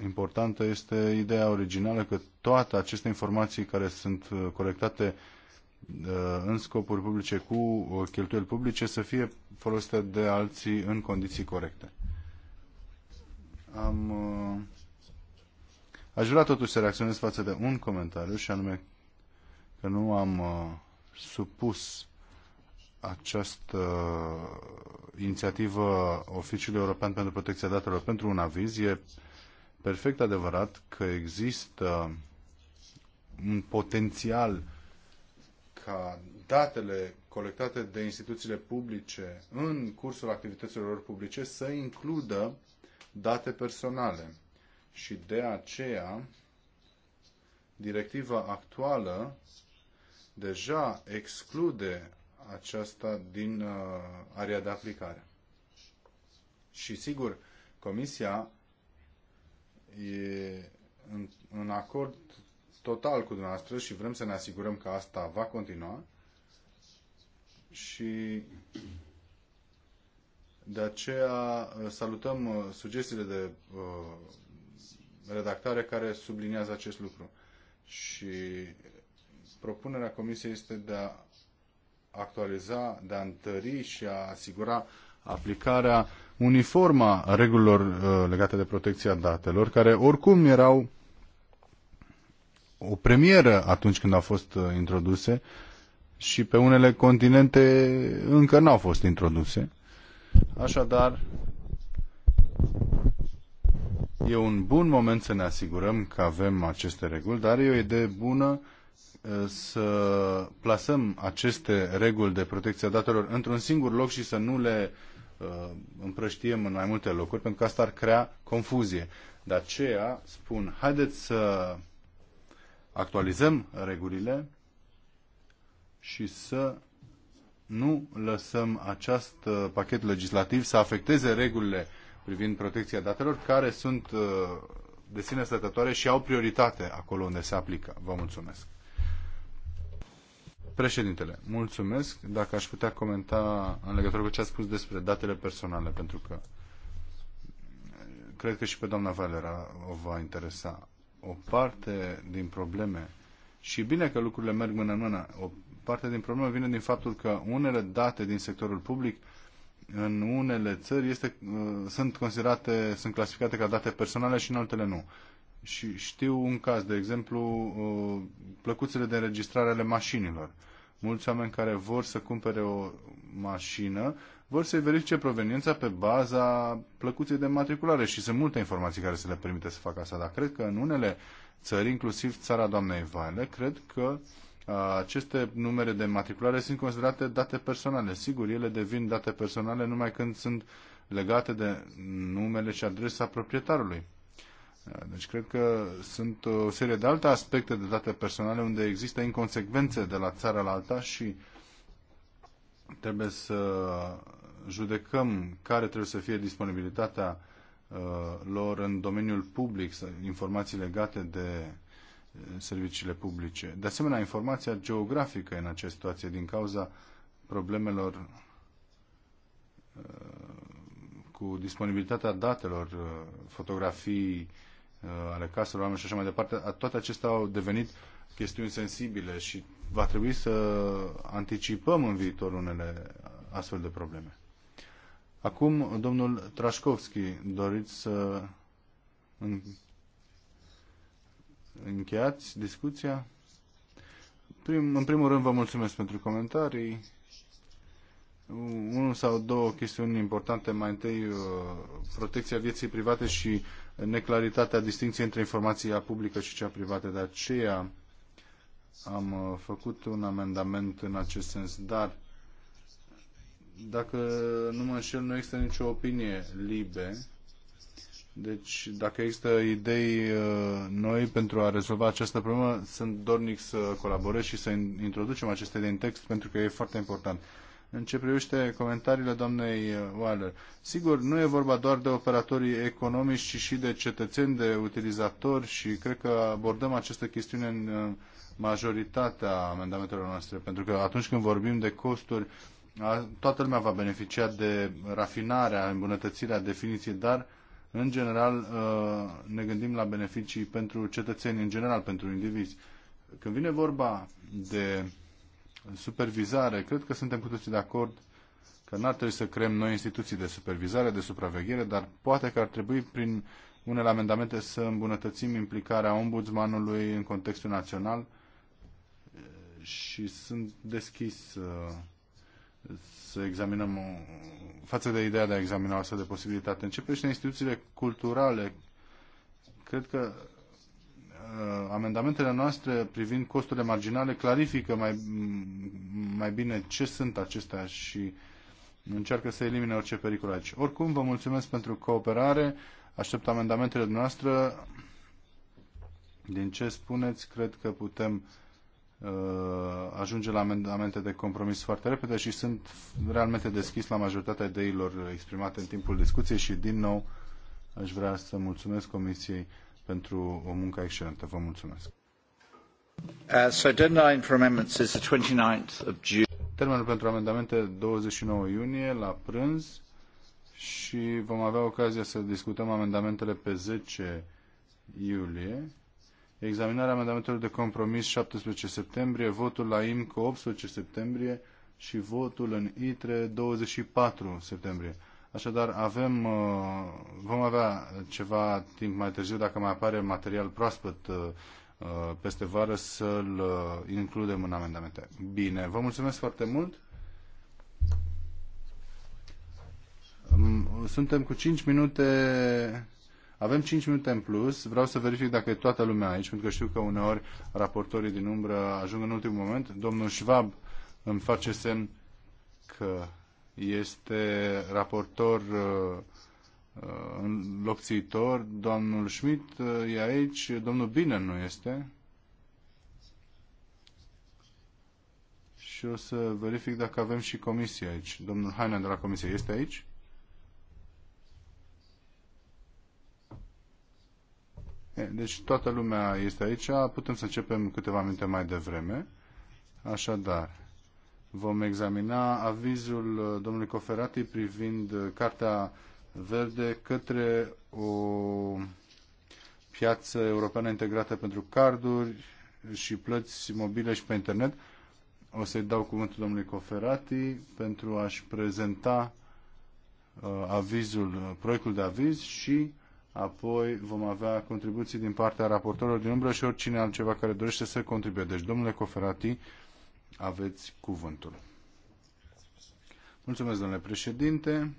importantă este ideea originală că toate aceste informații care sunt uh, colectate în scopuri publice cu cheltuieli publice să fie folosite de alții în condiții corecte. Am, uh, aș vrea totuși să reacționez față de un comentariu și anume că nu am uh, supus această inițiativă Oficiului European pentru Protecția Datelor pentru un aviz. E perfect adevărat că există un potențial ca datele colectate de instituțiile publice în cursul activităților lor publice să includă date personale. Și de aceea, directiva actuală deja exclude aceasta din uh, area de aplicare. Și sigur, Comisia e în, în acord total cu dumneavoastră și vrem să ne asigurăm că asta va continua și de aceea uh, salutăm uh, sugestiile de uh, redactare care subliniază acest lucru. Și propunerea Comisiei este de a actualiza, de a întări și a asigura aplicarea uniformă a regulilor legate de protecția datelor, care oricum erau o premieră atunci când au fost introduse și pe unele continente încă n-au fost introduse. Așadar, e un bun moment să ne asigurăm că avem aceste reguli, dar e o idee bună să plasăm aceste reguli de protecție a datelor într-un singur loc și să nu le împrăștiem în mai multe locuri, pentru că asta ar crea confuzie. De aceea spun, haideți să actualizăm regulile și să nu lăsăm acest uh, pachet legislativ să afecteze regulile privind protecția datelor, care sunt uh, de sine stătătoare și au prioritate acolo unde se aplică. Vă mulțumesc. Președintele, mulțumesc. Dacă aș putea comenta în legătură cu ce a spus despre datele personale, pentru că cred că și pe doamna Valera o va interesa. O parte din probleme, și bine că lucrurile merg mână în mână, o parte din problemă vine din faptul că unele date din sectorul public în unele țări este, uh, sunt considerate, sunt clasificate ca date personale și în altele nu. Și știu un caz, de exemplu, uh, plăcuțele de înregistrare ale mașinilor. Mulți oameni care vor să cumpere o mașină vor să-i verifice proveniența pe baza plăcuței de matriculare și sunt multe informații care se le permite să facă asta, dar cred că în unele țări, inclusiv țara doamnei Vale, cred că uh, aceste numere de matriculare sunt considerate date personale. Sigur, ele devin date personale numai când sunt legate de numele și adresa proprietarului. Deci cred că sunt o serie de alte aspecte de date personale unde există inconsecvențe de la țară la alta și trebuie să judecăm care trebuie să fie disponibilitatea uh, lor în domeniul public, informații legate de serviciile publice. De asemenea, informația geografică în această situație din cauza problemelor uh, cu disponibilitatea datelor, uh, fotografii uh, ale caselor oameni și așa mai departe, toate acestea au devenit chestiuni sensibile și va trebui să anticipăm în viitor unele astfel de probleme. Acum, domnul Trașcovski, doriți să încheiați discuția. Prim, în primul rând vă mulțumesc pentru comentarii. Unul sau două chestiuni importante. Mai întâi, uh, protecția vieții private și neclaritatea distinției între informația publică și cea privată. De aceea am uh, făcut un amendament în acest sens, dar dacă nu mă înșel, nu există nicio opinie libe deci, dacă există idei uh, noi pentru a rezolva această problemă, sunt dornic să colaborez și să introducem aceste idei în text, pentru că e foarte important. În ce privește comentariile doamnei uh, Waller, sigur, nu e vorba doar de operatorii economici, ci și de cetățeni, de utilizatori și cred că abordăm această chestiune în uh, majoritatea amendamentelor noastre, pentru că atunci când vorbim de costuri, toată lumea va beneficia de rafinarea, îmbunătățirea definiției, dar în general uh, ne gândim la beneficii pentru cetățeni, în general pentru indivizi. Când vine vorba de supervizare, cred că suntem cu toții de acord că n-ar trebui să creăm noi instituții de supervizare, de supraveghere, dar poate că ar trebui prin unele amendamente să îmbunătățim implicarea ombudsmanului în contextul național și sunt deschis uh, să examinăm față de ideea de a examina o astfel de posibilitate. În ce privește instituțiile culturale, cred că uh, amendamentele noastre privind costurile marginale clarifică mai, mai bine ce sunt acestea și încearcă să elimine orice pericol aici. Oricum, vă mulțumesc pentru cooperare, aștept amendamentele noastre. Din ce spuneți, cred că putem uh, Uh, ajunge la amendamente de compromis foarte repede și sunt realmente deschis la majoritatea ideilor exprimate în timpul discuției și din nou aș vrea să mulțumesc Comisiei pentru o muncă excelentă. Vă mulțumesc. Uh, so deadline for amendments is the 29th of June. Termenul pentru amendamente 29 iunie la prânz și vom avea ocazia să discutăm amendamentele pe 10 iulie examinarea amendamentelor de compromis 17 septembrie, votul la IMCO 18 septembrie și votul în ITRE 24 septembrie. Așadar, avem, uh, vom avea ceva timp mai târziu, dacă mai apare material proaspăt uh, uh, peste vară, să-l includem în amendamente. Bine, vă mulțumesc foarte mult. Um, suntem cu 5 minute avem 5 minute în plus. Vreau să verific dacă e toată lumea aici, pentru că știu că uneori raportorii din umbră ajung în ultimul moment. Domnul Schwab îmi face semn că este raportor uh, uh, înlocțitor. Domnul Schmidt uh, e aici. Domnul Bine nu este. Și o să verific dacă avem și comisie aici. Domnul Hainan de la comisie este aici? Deci toată lumea este aici, putem să începem câteva minute mai devreme. Așadar, vom examina avizul domnului Coferati privind Cartea Verde către o piață europeană integrată pentru carduri și plăți mobile și pe internet. O să-i dau cuvântul domnului Coferati pentru a-și prezenta uh, avizul, uh, proiectul de aviz și apoi vom avea contribuții din partea raportorilor din umbră și oricine altceva care dorește să contribuie. Deci, domnule Coferati, aveți cuvântul. Mulțumesc, domnule președinte.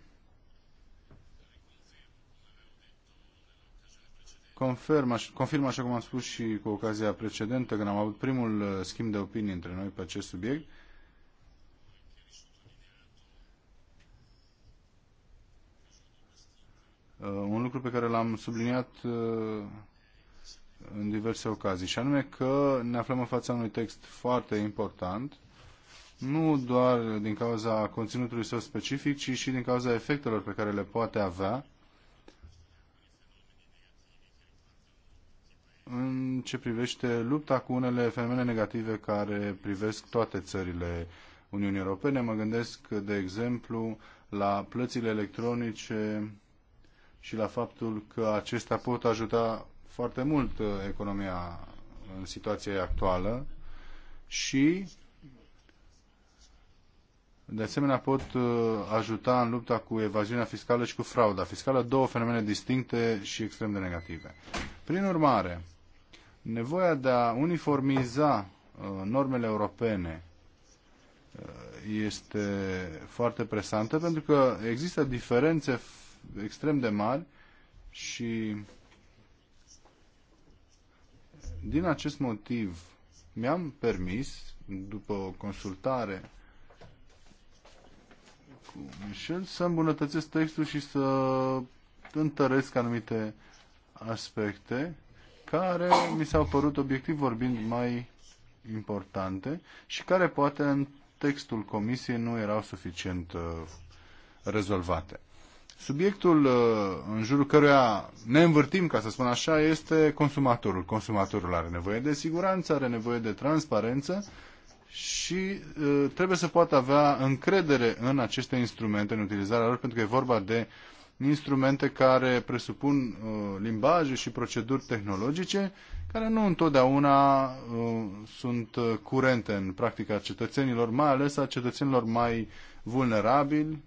Confirm, confirm, așa cum am spus și cu ocazia precedentă, când am avut primul uh, schimb de opinii între noi pe acest subiect, Uh, un lucru pe care l-am subliniat uh, în diverse ocazii, și anume că ne aflăm în fața unui text foarte important, nu doar din cauza conținutului său specific, ci și din cauza efectelor pe care le poate avea în ce privește lupta cu unele fenomene negative care privesc toate țările Uniunii Europene. Mă gândesc, de exemplu, la plățile electronice și la faptul că acestea pot ajuta foarte mult uh, economia în situația actuală și de asemenea pot uh, ajuta în lupta cu evaziunea fiscală și cu frauda fiscală, două fenomene distincte și extrem de negative. Prin urmare, nevoia de a uniformiza uh, normele europene este foarte presantă pentru că există diferențe extrem de mari și din acest motiv mi-am permis, după o consultare cu Michel, să îmbunătățesc textul și să întăresc anumite aspecte care mi s-au părut, obiectiv vorbind, mai importante și care poate în textul comisiei nu erau suficient uh, rezolvate. Subiectul uh, în jurul căruia ne învârtim, ca să spun așa, este consumatorul. Consumatorul are nevoie de siguranță, are nevoie de transparență și uh, trebuie să poată avea încredere în aceste instrumente, în utilizarea lor, pentru că e vorba de uh, instrumente care presupun uh, limbaje și proceduri tehnologice care nu întotdeauna uh, sunt uh, curente în practica cetățenilor, mai ales a cetățenilor mai vulnerabili,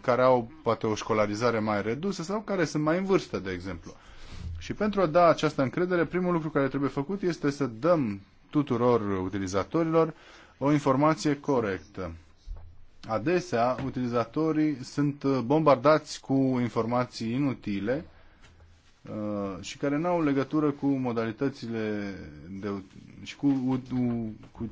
care au poate o școlarizare mai redusă sau care sunt mai în vârstă, de exemplu. Și pentru a da această încredere, primul lucru care trebuie făcut este să dăm tuturor utilizatorilor o informație corectă. Adesea, utilizatorii sunt uh, bombardați cu informații inutile uh, și care nu au legătură cu modalitățile de, și cu, cu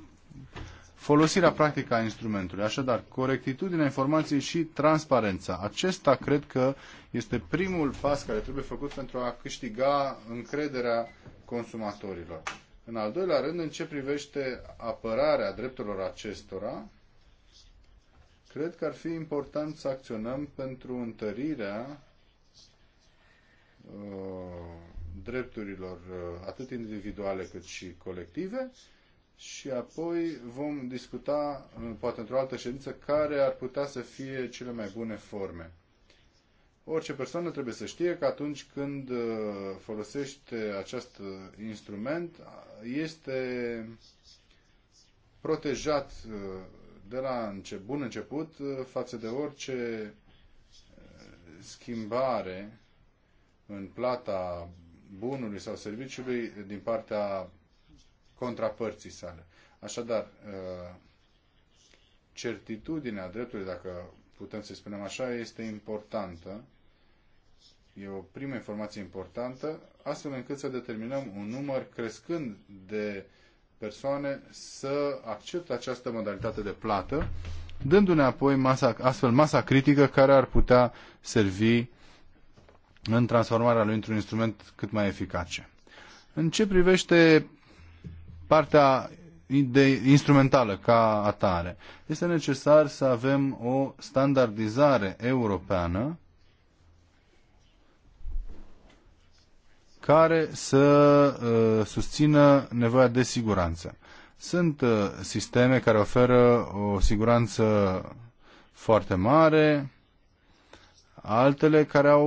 folosirea practică a instrumentului. Așadar, corectitudinea informației și transparența. Acesta cred că este primul pas care trebuie făcut pentru a câștiga încrederea consumatorilor. În al doilea rând, în ce privește apărarea drepturilor acestora, Cred că ar fi important să acționăm pentru întărirea uh, drepturilor uh, atât individuale cât și colective și apoi vom discuta, uh, poate într-o altă ședință, care ar putea să fie cele mai bune forme. Orice persoană trebuie să știe că atunci când folosește acest instrument, este protejat de la înce- bun început uh, față de orice uh, schimbare în plata bunului sau serviciului din partea contrapărții sale. Așadar, uh, certitudinea dreptului, dacă putem să spunem așa, este importantă. E o primă informație importantă, astfel încât să determinăm un număr crescând de persoane să accepte această modalitate de plată, dându-ne apoi masa, astfel masa critică care ar putea servi în transformarea lui într-un instrument cât mai eficace. În ce privește partea de instrumentală ca atare, este necesar să avem o standardizare europeană care să uh, susțină nevoia de siguranță. Sunt uh, sisteme care oferă o siguranță foarte mare, altele care au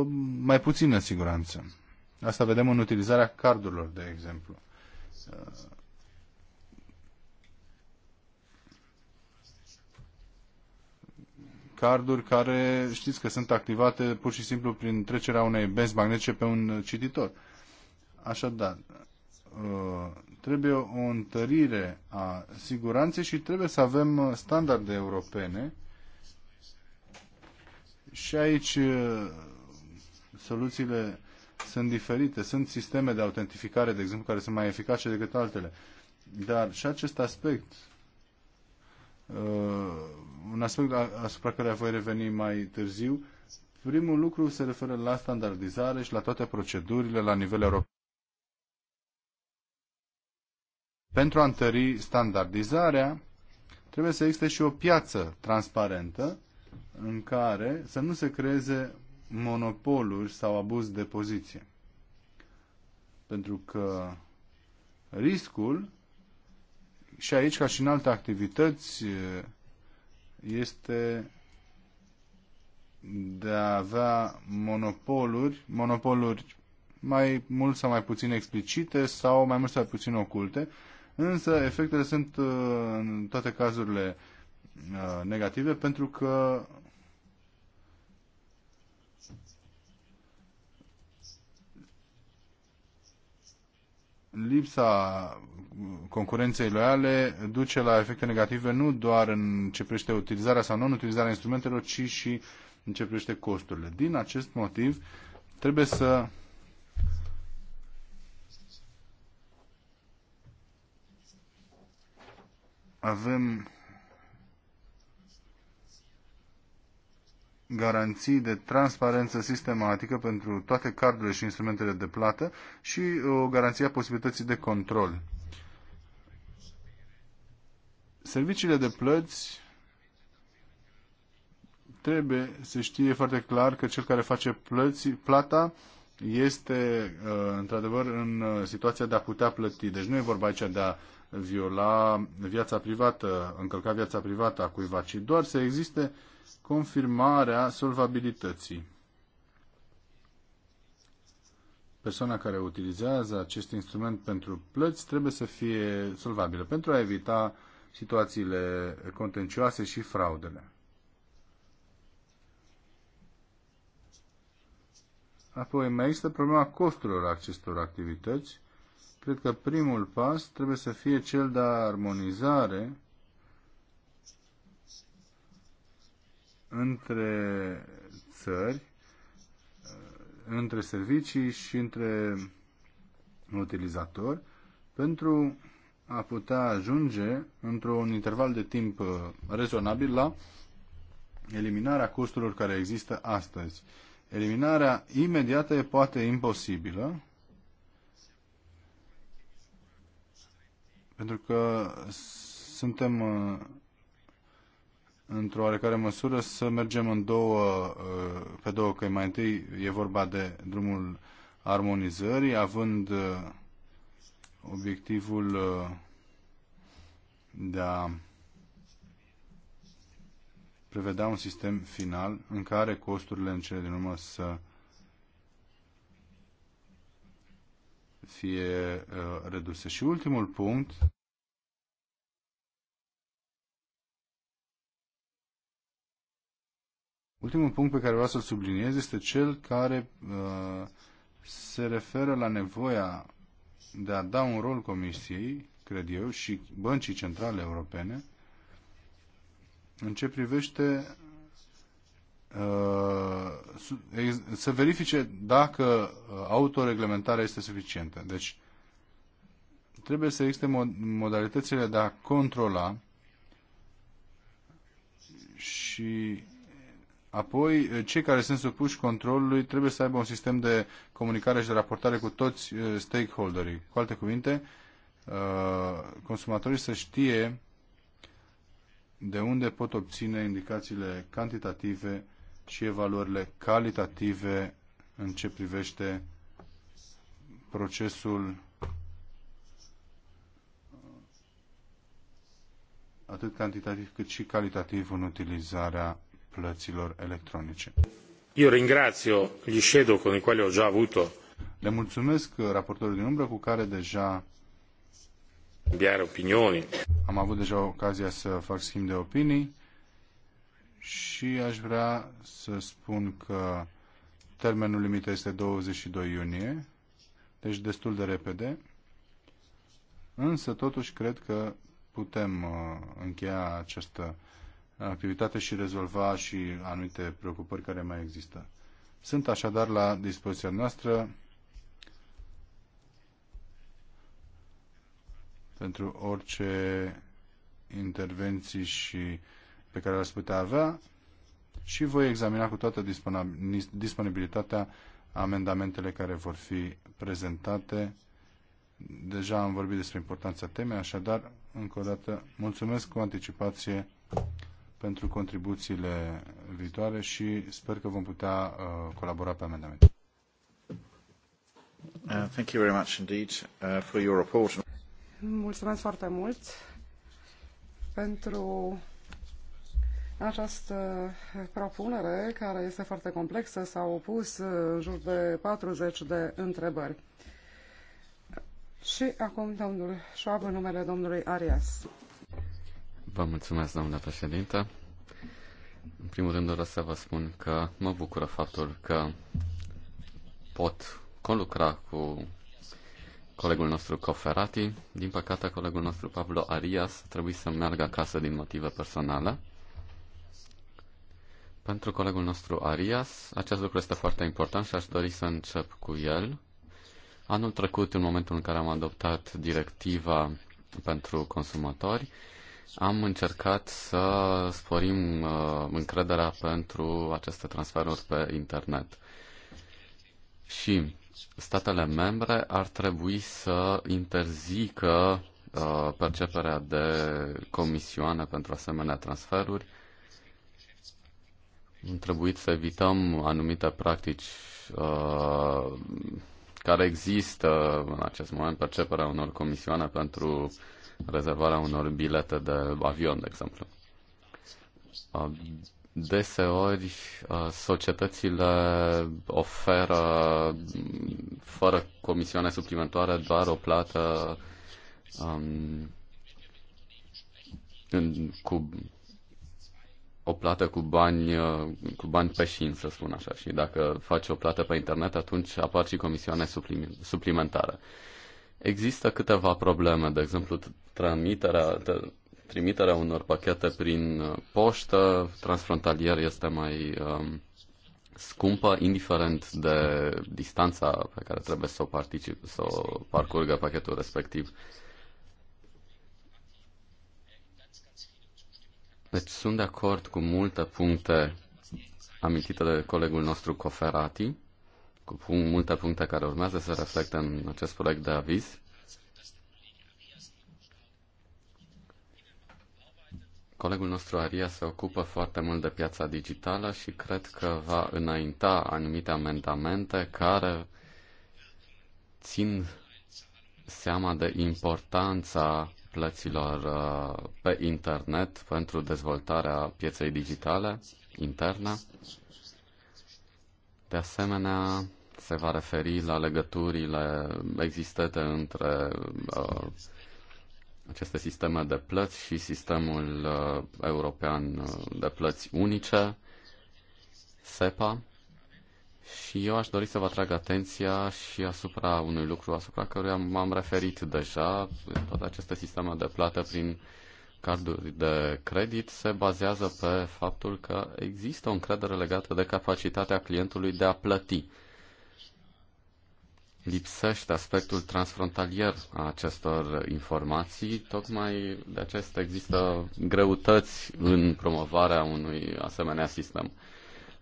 uh, mai puțină siguranță. Asta vedem în utilizarea cardurilor, de exemplu. Uh, carduri care știți că sunt activate pur și simplu prin trecerea unei benzi magnetice pe un cititor. Așadar, uh, trebuie o întărire a siguranței și trebuie să avem standarde europene și aici uh, soluțiile sunt diferite. Sunt sisteme de autentificare, de exemplu, care sunt mai eficace decât altele. Dar și acest aspect Uh, un aspect asupra care voi reveni mai târziu. Primul lucru se referă la standardizare și la toate procedurile la nivel european. Pentru a întări standardizarea, trebuie să existe și o piață transparentă în care să nu se creeze monopoluri sau abuz de poziție. Pentru că riscul și aici, ca și în alte activități, este de a avea monopoluri, monopoluri mai mult sau mai puțin explicite sau mai mult sau mai puțin oculte, însă efectele sunt uh, în toate cazurile uh, negative pentru că lipsa concurenței loiale duce la efecte negative nu doar în ce privește utilizarea sau non-utilizarea instrumentelor, ci și în ce privește costurile. Din acest motiv, trebuie să avem garanții de transparență sistematică pentru toate cardurile și instrumentele de plată și o garanție a posibilității de control. Serviciile de plăți trebuie să știe foarte clar că cel care face plăți, plata este uh, într-adevăr în uh, situația de a putea plăti. Deci nu e vorba aici de a viola viața privată, încălca viața privată a cuiva, ci doar să existe confirmarea solvabilității. Persoana care utilizează acest instrument pentru plăți trebuie să fie solvabilă pentru a evita uh, situațiile contencioase și fraudele. Apoi mai există problema costurilor acestor activități. Cred că primul pas trebuie să fie cel de armonizare între țări, între servicii și între utilizatori pentru a putea ajunge într-un interval de timp uh, rezonabil la eliminarea costurilor care există astăzi. Eliminarea imediată e poate imposibilă, pentru că suntem uh, într-o oarecare măsură să mergem în două, uh, pe două căi. Mai întâi e vorba de drumul armonizării, având obiectivul uh, de a prevedea un sistem final în care costurile în cele din urmă să fie uh, reduse. Și ultimul punct. Ultimul punct pe care vreau să-l subliniez este cel care uh, se referă la nevoia de a da un rol Comisiei, cred eu, și băncii centrale europene în ce privește uh, să verifice dacă uh, autoreglementarea este suficientă. Deci trebuie să existe modalitățile de a controla și Apoi, eh, cei care sunt supuși controlului trebuie să aibă un sistem de comunicare și de raportare cu toți eh, stakeholderii. Cu alte cuvinte, eh, consumatorii să știe de unde pot obține indicațiile cantitative și evaluările calitative în ce privește procesul atât cantitativ cât și calitativ în utilizarea plăților electronice. Eu ringrazio gli shadow con i quali ho già avuto. Le mulțumesc uh, raportorul din umbră cu care deja opinioni. Am avut deja ocazia să fac schimb de opinii și aș vrea să spun că termenul limită este 22 iunie, deci destul de repede. Însă, totuși, cred că putem uh, încheia această activitate și rezolva și anumite preocupări care mai există. Sunt așadar la dispoziția noastră pentru orice intervenții și pe care le-ați putea avea și voi examina cu toată disponibilitatea amendamentele care vor fi prezentate. Deja am vorbit despre importanța temei, așadar, încă o dată, mulțumesc cu anticipație pentru contribuțiile viitoare și sper că vom putea uh, colabora pe amendamente. Uh, thank you very much indeed uh, for your report. Mulțumesc foarte mult pentru această propunere, care este foarte complexă, s-au opus în jur de 40 de întrebări. Și acum domnul Schwab în numele domnului Arias. Vă mulțumesc, domnule președinte. În primul rând doresc să vă spun că mă bucură faptul că pot conlucra cu colegul nostru Coferati. Din păcate, colegul nostru Pablo Arias trebuie să meargă acasă din motive personale. Pentru colegul nostru Arias, acest lucru este foarte important și aș dori să încep cu el. Anul trecut, în momentul în care am adoptat directiva pentru consumatori, am încercat să sporim uh, încrederea pentru aceste transferuri pe internet. Și statele membre ar trebui să interzică uh, perceperea de comisioane pentru asemenea transferuri. Am trebuit să evităm anumite practici uh, care există în acest moment, perceperea unor comisioane pentru uh, rezervarea unor bilete de avion, de exemplu. Deseori societățile oferă fără comisioane suplimentare doar o plată um, în, cu o plată cu bani, cu bani pe șin, să spun așa. Și dacă faci o plată pe internet, atunci apar și comisioane suplimentare. Există câteva probleme, de exemplu, trimiterea, trimiterea unor pachete prin uh, poștă transfrontalier este mai um, scumpă, indiferent de distanța pe care trebuie să o, particip, să o parcurgă pachetul respectiv. Deci sunt de acord cu multe puncte amintite de colegul nostru Coferati cu multe puncte care urmează să reflectă în acest proiect de aviz. Colegul nostru Aria se ocupă foarte mult de piața digitală și cred că va înainta anumite amendamente care țin seama de importanța plăților uh, pe internet pentru dezvoltarea pieței digitale interne. De asemenea, se va referi la legăturile existente între uh, aceste sisteme de plăți și sistemul uh, european uh, de plăți unice, SEPA. Și eu aș dori să vă atrag atenția și asupra unui lucru asupra căruia m-am referit deja. Toate aceste sisteme de plată prin carduri de credit se bazează pe faptul că există o încredere legată de capacitatea clientului de a plăti lipsește aspectul transfrontalier a acestor informații, tocmai de acestea există greutăți în promovarea unui asemenea sistem.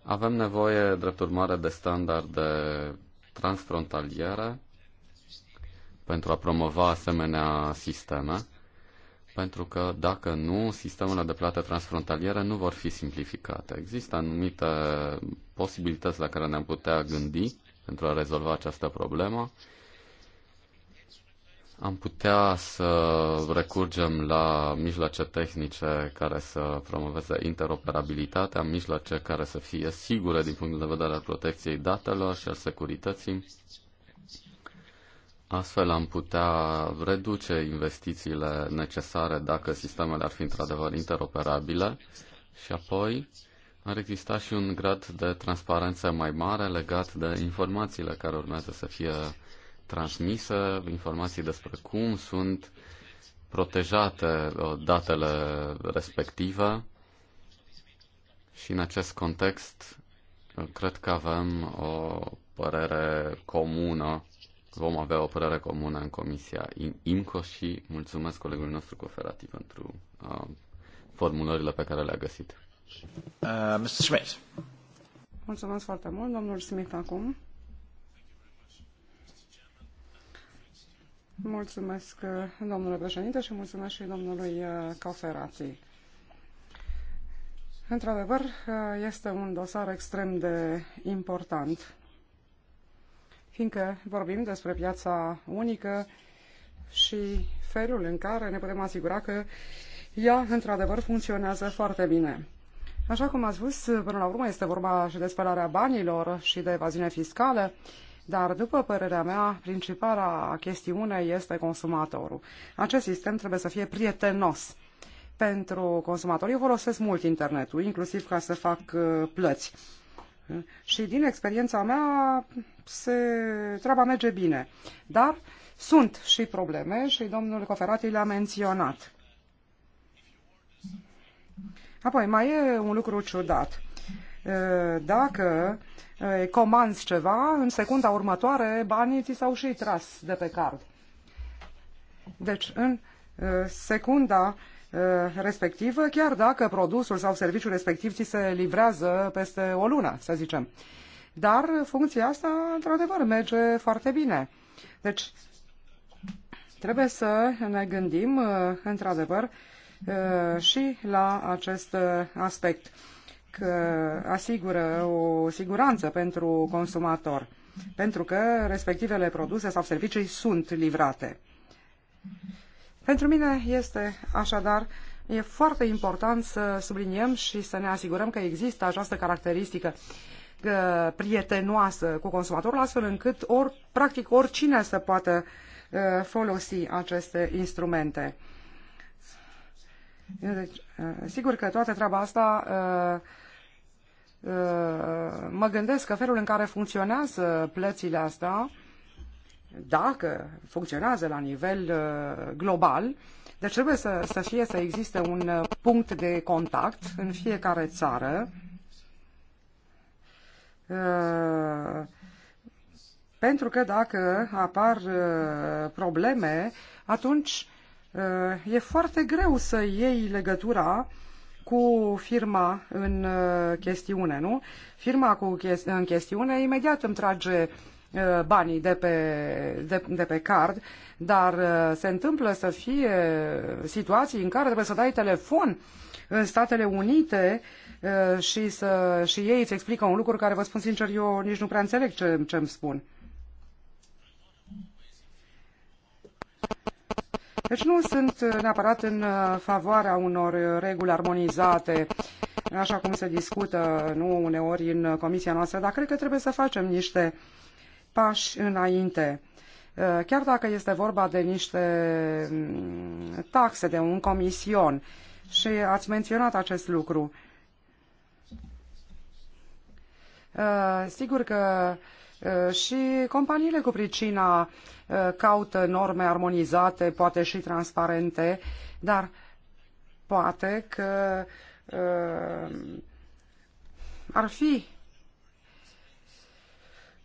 Avem nevoie, drept urmare, de standarde transfrontaliere pentru a promova asemenea sisteme, pentru că dacă nu, sistemele de plată transfrontaliere nu vor fi simplificate. Există anumite posibilități la care ne-am putea gândi, pentru a rezolva această problemă, am putea să recurgem la mijloace tehnice care să promoveze interoperabilitatea, mijloace care să fie sigure din punctul de vedere al protecției datelor și al securității. Astfel am putea reduce investițiile necesare dacă sistemele ar fi într-adevăr interoperabile și apoi ar exista și un grad de transparență mai mare legat de informațiile care urmează să fie transmise, informații despre cum sunt protejate uh, datele respective și în acest context uh, cred că avem o părere comună, vom avea o părere comună în Comisia IMCO și mulțumesc colegului nostru cooperativ pentru uh, formulările pe care le-a găsit. Uh, Mr. Schmidt. Mulțumesc foarte mult, domnul Smith acum. Mulțumesc, uh, domnule președinte, și mulțumesc și domnului uh, Caferații. Într-adevăr, uh, este un dosar extrem de important, fiindcă vorbim despre piața unică și felul în care ne putem asigura că ea, într-adevăr, funcționează foarte bine. Așa cum ați spus, până la urmă este vorba și de spălarea banilor și de evaziune fiscală, dar după părerea mea, principala chestiune este consumatorul. Acest sistem trebuie să fie prietenos pentru consumatori. Eu folosesc mult internetul, inclusiv ca să fac uh, plăți. Și din experiența mea, se, treaba merge bine. Dar sunt și probleme și domnul Coferati le-a menționat. Apoi, mai e un lucru ciudat. Dacă comanzi ceva, în secunda următoare banii ți s-au și tras de pe card. Deci, în secunda respectivă, chiar dacă produsul sau serviciul respectiv ți se livrează peste o lună, să zicem. Dar funcția asta, într-adevăr, merge foarte bine. Deci, trebuie să ne gândim, într-adevăr, Uh, și la acest uh, aspect, că asigură o siguranță pentru consumator, pentru că respectivele produse sau servicii sunt livrate. Pentru mine este așadar e foarte important să subliniem și să ne asigurăm că există această caracteristică uh, prietenoasă cu consumatorul, astfel încât or, practic oricine să poată folosi aceste instrumente. Deci, sigur că toată treaba asta mă gândesc că felul în care funcționează plățile astea, dacă funcționează la nivel global, deci trebuie să, să fie să existe un punct de contact în fiecare țară pentru că dacă apar probleme, atunci Uh, e foarte greu să iei legătura cu firma în uh, chestiune, nu? Firma cu chesti- în chestiune imediat îmi trage uh, banii de pe, de, de pe card, dar se întâmplă să fie situații în care trebuie să dai telefon în Statele Unite și, să, și ei îți explică un lucru care, vă spun sincer, eu nici nu prea înțeleg ce îmi spun. Deci nu sunt uh, neapărat în uh, favoarea unor uh, reguli armonizate, așa cum se discută nu uneori în comisia noastră, dar cred că trebuie să facem niște pași înainte. Chiar dacă este vorba de niște mm, taxe, de un comision, și ați menționat acest lucru, sigur că Uh, și companiile cu pricina uh, caută norme armonizate, poate și transparente, dar poate că uh, ar fi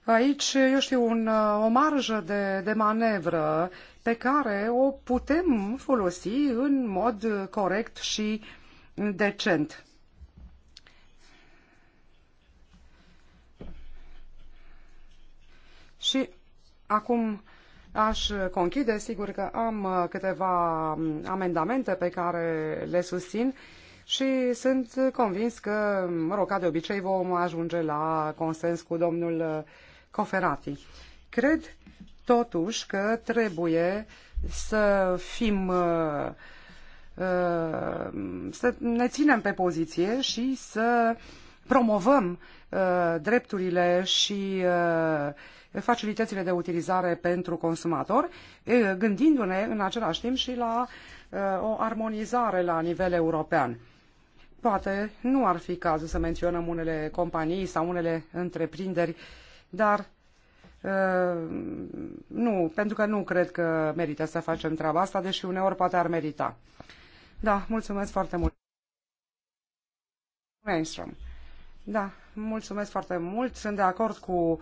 aici, eu știu, un, o marjă de, de manevră pe care o putem folosi în mod corect și decent. Și acum aș conchide, sigur că am uh, câteva um, amendamente pe care le susțin și sunt convins că, um, mă rog, ca de obicei vom ajunge la consens cu domnul uh, Coferati. Cred totuși că trebuie să fim uh, să ne ținem pe poziție și să promovăm drepturile și facilitățile de utilizare pentru consumator, gândindu-ne în același timp și la o armonizare la nivel european. Poate nu ar fi cazul să menționăm unele companii sau unele întreprinderi, dar nu, pentru că nu cred că merită să facem treaba asta, deși uneori poate ar merita. Da, mulțumesc foarte mult. Mainstream. Da, mulțumesc foarte mult. Sunt de acord cu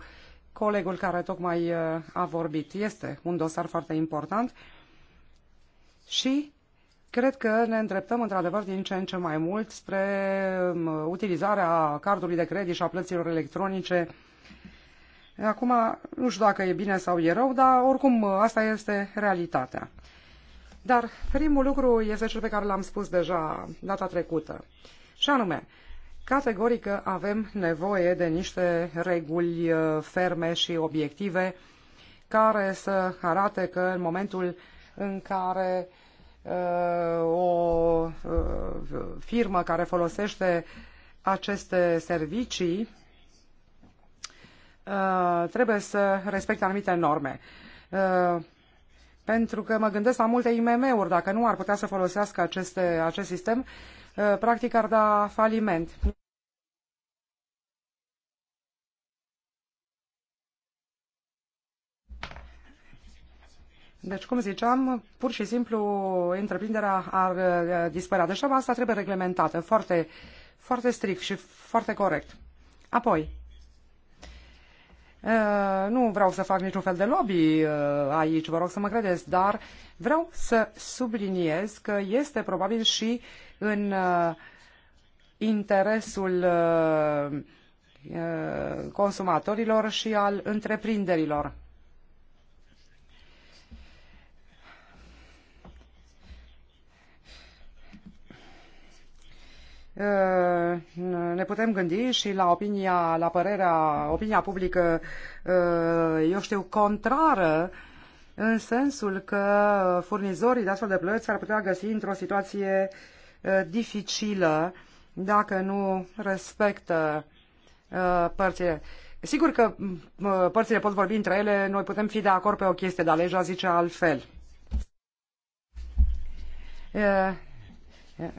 colegul care tocmai uh, a vorbit. Este un dosar foarte important și cred că ne îndreptăm într-adevăr din ce în ce mai mult spre um, utilizarea cardului de credit și a plăților electronice. Acum, nu știu dacă e bine sau e rău, dar oricum uh, asta este realitatea. Dar primul lucru este cel pe care l-am spus deja data trecută. Și anume, Categorică avem nevoie de niște reguli uh, ferme și obiective care să arate că în momentul în care uh, o uh, firmă care folosește aceste servicii uh, trebuie să respecte anumite norme. Uh, pentru că mă gândesc la multe IMM-uri, dacă nu ar putea să folosească aceste, acest sistem, uh, Eh, practic ar da faliment. Deci, cum ziceam, pur și simplu întreprinderea ar eh, dispărea. Deci asta trebuie reglementată foarte, foarte strict și foarte corect. Apoi, eh, nu vreau să fac niciun fel de lobby aici, vă rog să mă credeți, dar vreau să subliniez că este probabil și în uh, interesul uh, uh, consumatorilor și al întreprinderilor. ne putem gândi și la opinia, la părerea, opinia publică, eu știu, contrară în sensul că furnizorii de astfel de plăți ar putea găsi într-o situație Uh, dificilă dacă nu respectă uh, părțile. Sigur că uh, părțile pot vorbi între ele, noi putem fi de acord pe o chestie, dar legea zice altfel.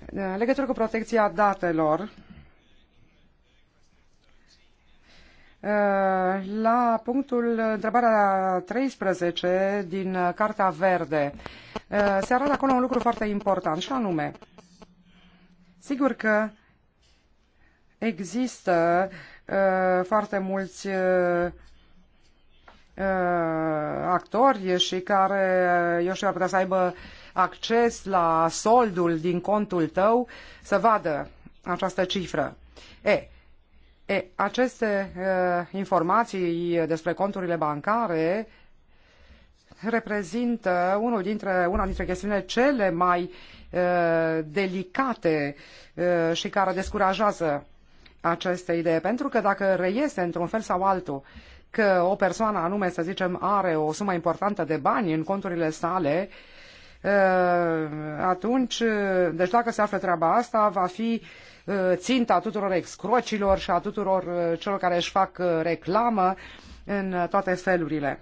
În legătură cu protecția datelor, la punctul întrebarea 13 din Carta Verde se arată acolo un lucru foarte important și anume Sigur că există uh, foarte mulți uh, uh actori și care, uh, eu știu, ar putea să aibă acces la soldul din contul tău să vadă această cifră. E, e aceste uh, informații despre conturile bancare uh, reprezintă unul dintre, una dintre chestiunile cele mai uh, delicate uh, și care descurajează această idee. Pentru că dacă reiese într-un fel sau altul că o persoană anume, să zicem, are o sumă importantă de bani în conturile sale, uh, atunci, uh, deci dacă se află treaba asta, va fi uh, ținta tuturor excrocilor și a tuturor celor care își fac reclamă în toate felurile.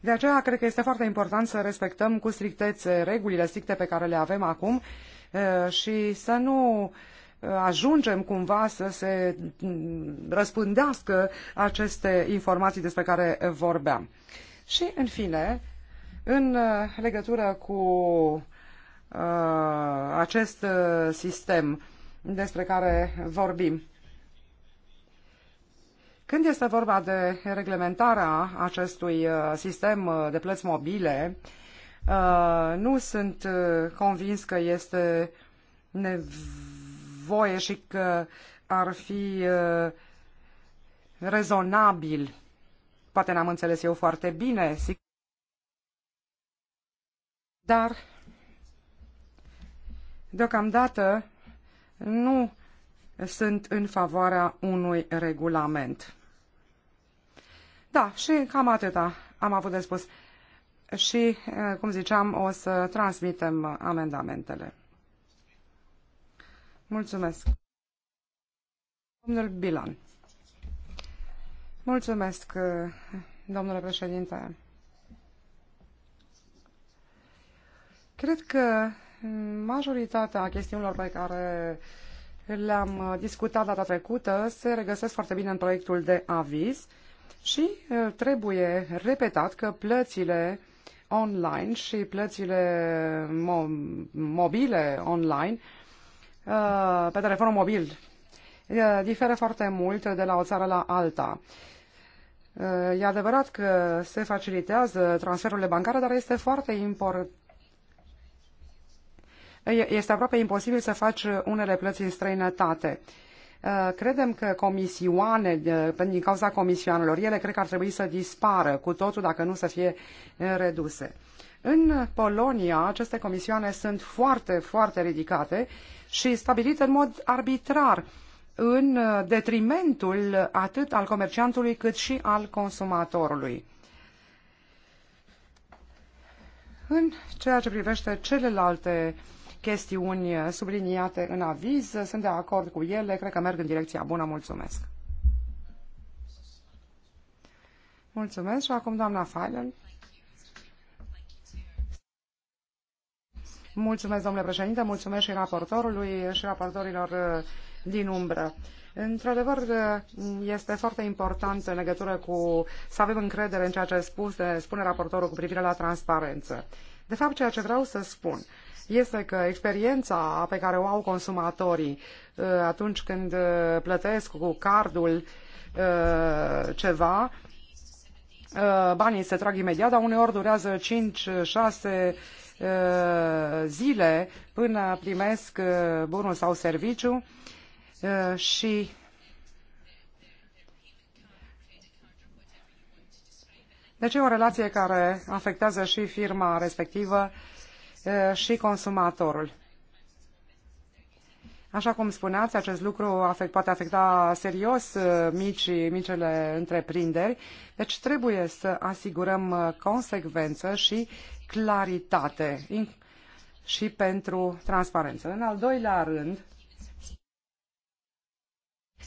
De aceea, cred că este foarte important să respectăm cu strictețe regulile stricte pe care le avem acum uh, și să nu uh, ajungem cumva să se mm, răspândească aceste informații despre care vorbeam. Și, în fine, în uh, legătură cu acest sistem despre care vorbim. Când este vorba de reglementarea acestui uh, sistem uh, de plăți mobile, uh, nu sunt convins că este nevoie și că ar fi rezonabil. Poate n-am înțeles eu foarte bine, dar deocamdată nu sunt în favoarea unui regulament. Da, și cam atâta am avut de spus. Și, eh, cum ziceam, o să transmitem amendamentele. Mulțumesc. Domnul Bilan. Mulțumesc, eh, domnule președinte. Cred că majoritatea chestiunilor pe care uh, le-am uh, discutat data trecută, se regăsesc foarte bine în proiectul de aviz și uh, trebuie repetat că plățile online și plățile mo- mobile online, uh, pe telefonul mobil, diferă foarte mult de la o țară la alta. E adevărat că se facilitează transferurile bancare, dar este foarte important este aproape imposibil să faci unele plăți în străinătate. Credem că comisioane, din cauza comisioanelor, ele cred că ar trebui să dispară cu totul dacă nu să fie reduse. În Polonia, aceste comisioane sunt foarte, foarte ridicate și stabilite în mod arbitrar, în detrimentul atât al comerciantului cât și al consumatorului. În ceea ce privește celelalte uh, chestiuni eh, subliniate în aviz. Sunt de acord cu ele, cred că merg în direcția bună. Mulțumesc! Mulțumesc și acum doamna Feilel. Mulțumesc, domnule președinte, mulțumesc și raportorului și raportorilor eh, din umbră. Într-adevăr, eh, este foarte important în legătură cu să avem încredere în ceea ce spune raportorul cu privire la transparență. De fapt, ceea ce vreau să spun este că experiența pe care o au consumatorii uh, atunci când uh, plătesc cu cardul uh, ceva, banii se trag imediat, dar uneori durează 5, 6 zile până primesc bunul sau serviciu și Deci e o relație care afectează și firma respectivă și consumatorul. Așa cum spuneați, acest lucru afect, poate afecta serios mici, micile întreprinderi, deci trebuie să asigurăm consecvență și claritate și pentru transparență. În al doilea rând,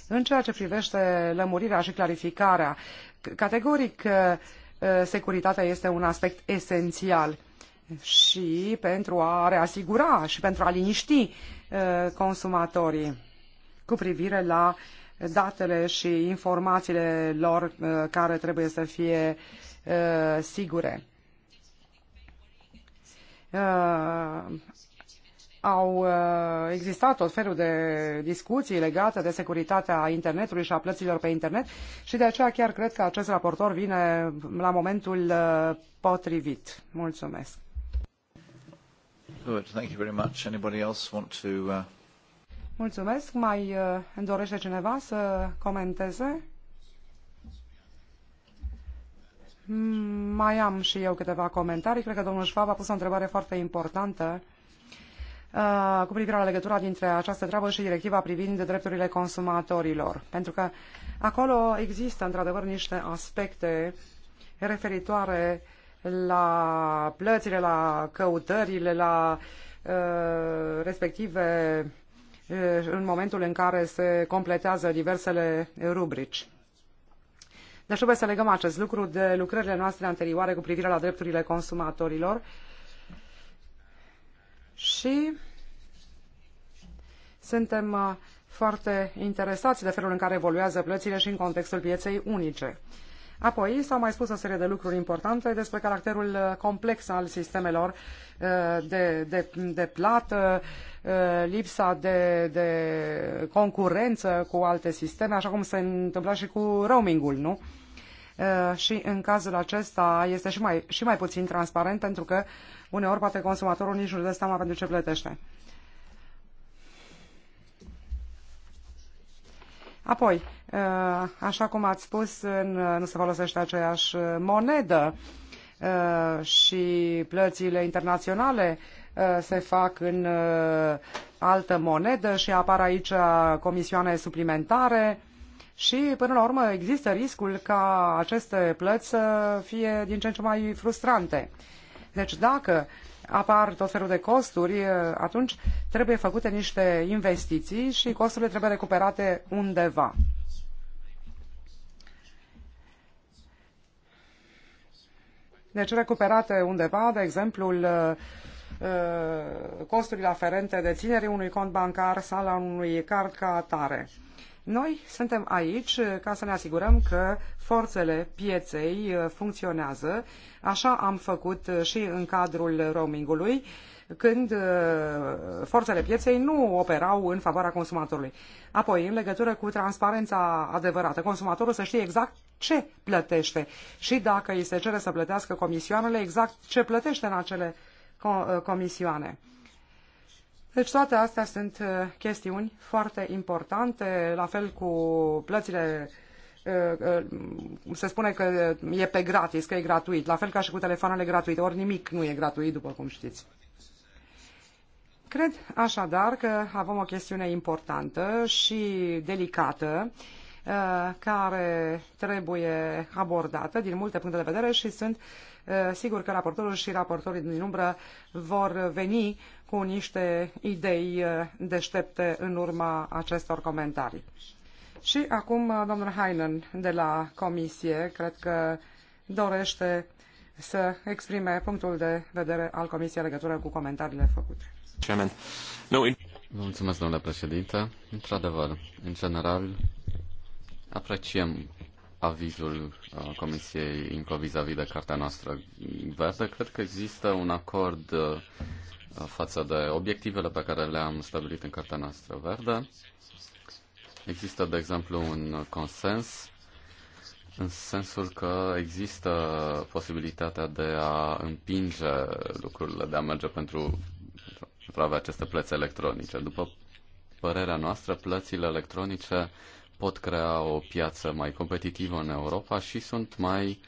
în ceea ce privește lămurirea și clarificarea, categoric securitatea este un aspect esențial și pentru a reasigura și pentru a liniști uh, consumatorii cu privire la datele și informațiile lor uh, care trebuie să fie uh, sigure. Au existat tot felul de discuții legate de securitatea internetului și a plăților pe internet și de aceea chiar cred că acest raportor vine la momentul potrivit. Mulțumesc! Good, thank you very much. Anybody else want to... Uh... Mulțumesc. Mai uh, dorește cineva să comenteze? Mm, mai am și eu câteva comentarii. Cred că domnul Schwab a pus o întrebare foarte importantă uh, cu privire la legătura dintre această treabă și directiva privind drepturile consumatorilor. Pentru că acolo există, într-adevăr, niște aspecte referitoare uh, la plățile, la căutările, la uh, respective uh, în momentul în care se completează diversele rubrici. Deci trebuie să legăm acest lucru de lucrările noastre anterioare cu privire la drepturile consumatorilor și suntem uh, foarte interesați de felul în care evoluează plățile și în contextul pieței unice. Apoi s-au mai spus o serie de lucruri importante despre caracterul uh, complex al sistemelor uh, de, de, de plată, uh, lipsa de, de concurență cu alte sisteme, așa cum se întâmpla și cu roamingul, nu? și în cazul acesta este și mai, și mai puțin transparent pentru că uneori poate consumatorul nici nu dă seama pentru ce plătește. Apoi, uh, așa cum ați spus, uh, nu se folosește aceeași uh, monedă și plățile internaționale se fac în altă monedă și apar aici comisioane suplimentare și până la urmă există riscul ca aceste plăți să fie din ce în ce mai frustrante. Deci dacă uh, apar tot felul de costuri, atunci trebuie făcute niște investiții și costurile trebuie recuperate undeva. Deci recuperate undeva, de exemplu, costurile aferente deținerii unui cont bancar sau la unui card ca atare. Noi suntem aici eh, ca să ne asigurăm că forțele pieței eh, funcționează. Așa am făcut eh, și în cadrul roamingului, când forțele pieței nu operau în favoarea consumatorului. Apoi, în legătură cu transparența adevărată, consumatorul să știe exact ce plătește și dacă îi se cere să plătească comisioanele, exact ce plătește în acele comisioane. Deci toate astea sunt uh, chestiuni foarte importante, la fel cu plățile uh, uh, se spune că e pe gratis, că e gratuit, la fel ca și cu telefoanele gratuite, ori nimic nu e gratuit, după cum știți. Cred așadar că avem o chestiune importantă și delicată care trebuie abordată din multe puncte de vedere și sunt sigur că raportorul și raportorii din umbră vor veni cu niște idei eh, deștepte în urma acestor comentarii. Și acum eh, domnul Heinen de la Comisie cred că dorește să exprime punctul de vedere al Comisiei legătură cu comentariile făcute. Chairman. No, mulțumesc, domnule președinte. Într-adevăr, în general, apreciem avizul eh, Comisiei Inco vis-a-vis de cartea noastră verde. Cred că există un acord față de obiectivele pe care le-am stabilit în cartea noastră verde. Există, de exemplu, un consens în sensul că există posibilitatea de a împinge lucrurile, de a merge pentru, pentru a avea aceste plăți electronice. După părerea noastră, plățile electronice pot crea o piață mai competitivă în Europa și sunt mai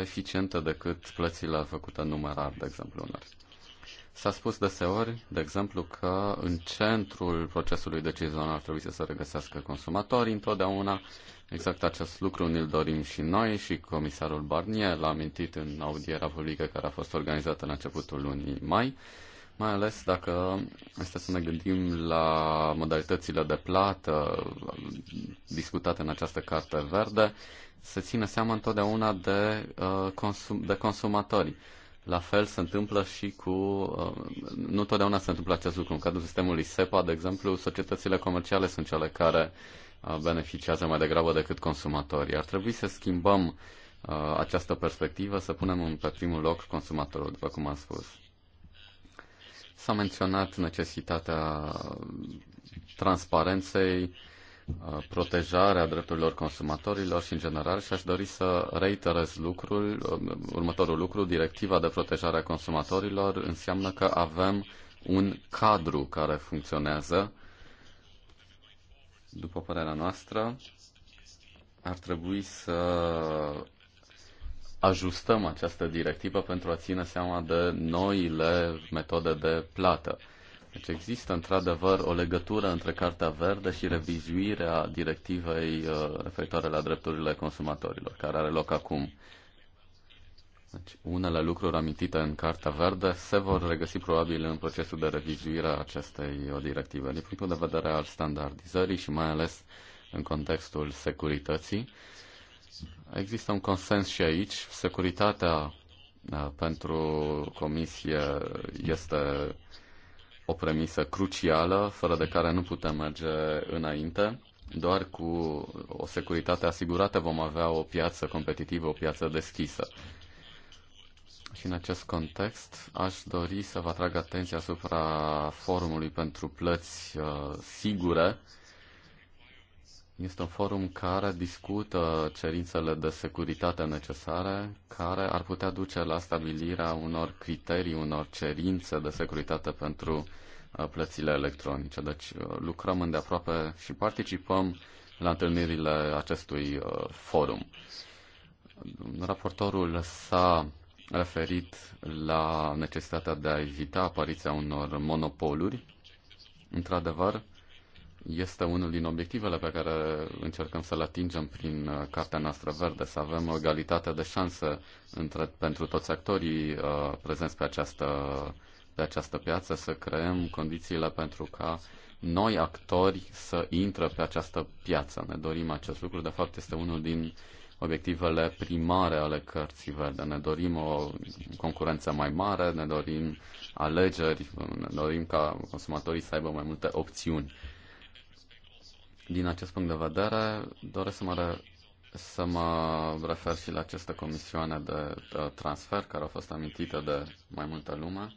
eficiente decât plățile făcute numerar, de exemplu, în Europa. S-a spus deseori, de exemplu, că în centrul procesului decizional ar trebui să se regăsească consumatorii întotdeauna. Exact acest lucru ne-l dorim și noi și comisarul Barnier l-a amintit în audiera publică care a fost organizată în începutul lunii mai, mai ales dacă este să ne gândim la modalitățile de plată discutate în această carte verde, se ține seama întotdeauna de, uh, consum- de consumatori la fel se întâmplă și cu... Uh, nu totdeauna se întâmplă acest lucru. În cadrul sistemului SEPA, de exemplu, societățile comerciale sunt cele care uh, beneficiază mai degrabă decât consumatorii. Ar trebui să schimbăm uh, această perspectivă, să punem pe primul loc consumatorul, după cum am spus. S-a menționat necesitatea transparenței, Uh, protejarea drepturilor consumatorilor și în general și aș dori să reiterez lucrul, uh, următorul lucru, directiva de protejare a consumatorilor înseamnă că avem un cadru care funcționează. După părerea noastră, ar trebui să ajustăm această directivă pentru a ține seama de noile metode de plată deci există într-adevăr o legătură între Cartea Verde și revizuirea directivei uh, referitoare la drepturile consumatorilor, care are loc acum. Deci, unele lucruri amintite în Cartea Verde se vor regăsi probabil în procesul de revizuire a acestei uh, directive, din punctul de vedere al standardizării și mai ales în contextul securității. Există un consens și aici. Securitatea uh, pentru Comisie este o premisă crucială, fără de care nu putem merge înainte. Doar cu o securitate asigurată vom avea o piață competitivă, o piață deschisă. Și în acest context aș dori să vă atrag atenția asupra forumului pentru plăți uh, sigure, este un forum care discută cerințele de securitate necesare, care ar putea duce la stabilirea unor criterii, unor cerințe de securitate pentru uh, plățile electronice. Deci uh, lucrăm îndeaproape și participăm la întâlnirile acestui uh, forum. Raportorul s-a referit la necesitatea de a evita apariția unor monopoluri. Într-adevăr, este unul din obiectivele pe care încercăm să le atingem prin uh, Cartea noastră verde, să avem o egalitate de șanse între, pentru toți actorii uh, prezenți pe această, pe această piață, să creăm condițiile pentru ca noi actori să intre pe această piață. Ne dorim acest lucru, de fapt este unul din obiectivele primare ale cărții verde. Ne dorim o concurență mai mare, ne dorim alegeri, ne dorim ca consumatorii să aibă mai multe opțiuni din acest punct de vedere, doresc să mă, re- să mă refer și la această comisioane de transfer care a fost amintită de mai multă lume.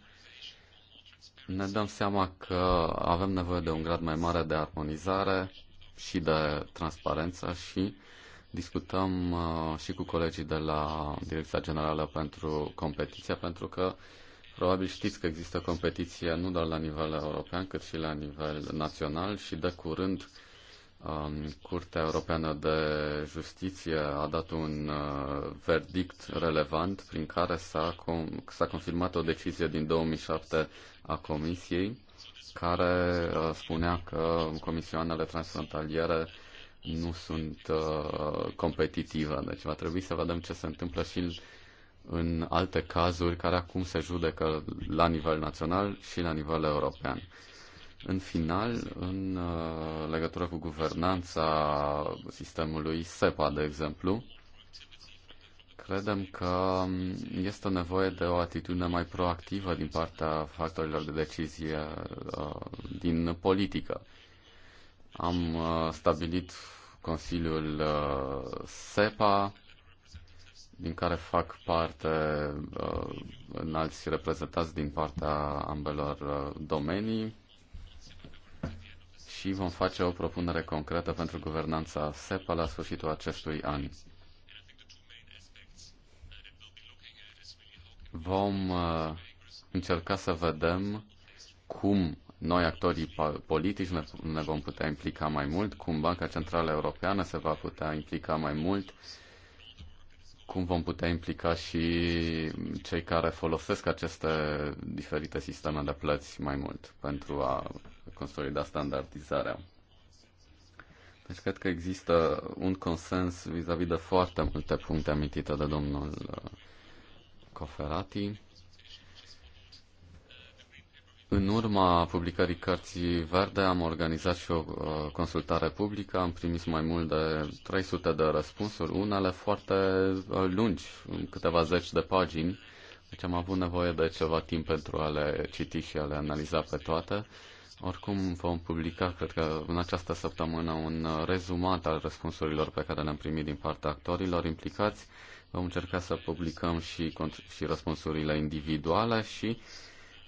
Ne dăm seama că avem nevoie de un grad mai mare de armonizare și de transparență și discutăm uh, și cu colegii de la Direcția Generală pentru Competiție pentru că Probabil știți că există competiție nu doar la nivel european, cât și la nivel național și de curând Um, Curtea Europeană de Justiție a dat un uh, verdict relevant prin care s-a, s-a confirmat o decizie din 2007 a Comisiei care uh, spunea că comisioanele transfrontaliere nu sunt uh, competitive. Deci va trebui să vedem ce se întâmplă și în alte cazuri care acum se judecă la nivel național și la nivel european. În final, în uh, legătură cu guvernanța sistemului SEPA, de exemplu, credem că este nevoie de o atitudine mai proactivă din partea factorilor de decizie uh, din politică. Am uh, stabilit Consiliul SEPA, din care fac parte înalți reprezentanți din partea ambelor domenii, și vom face o propunere concretă pentru guvernanța SEPA la sfârșitul acestui an. Vom uh, încerca să vedem cum noi, actorii politici, ne, ne vom putea implica mai mult, cum Banca Centrală Europeană se va putea implica mai mult, cum vom putea implica și cei care folosesc aceste diferite sisteme de plăți mai mult pentru a consolida standardizarea. Deci cred că există un consens vis-a-vis -vis de foarte multe puncte amintite de domnul uh, Coferati. În urma publicării cărții verde am organizat și o uh, consultare publică, am primit mai mult de 300 de răspunsuri, unele foarte uh, lungi, câteva zeci de pagini, deci am avut nevoie de ceva timp pentru a le citi și a le analiza pe toate. Oricum vom publica, cred că în această săptămână, un rezumat al răspunsurilor pe care le-am primit din partea actorilor implicați. Vom încerca să publicăm și, și răspunsurile individuale și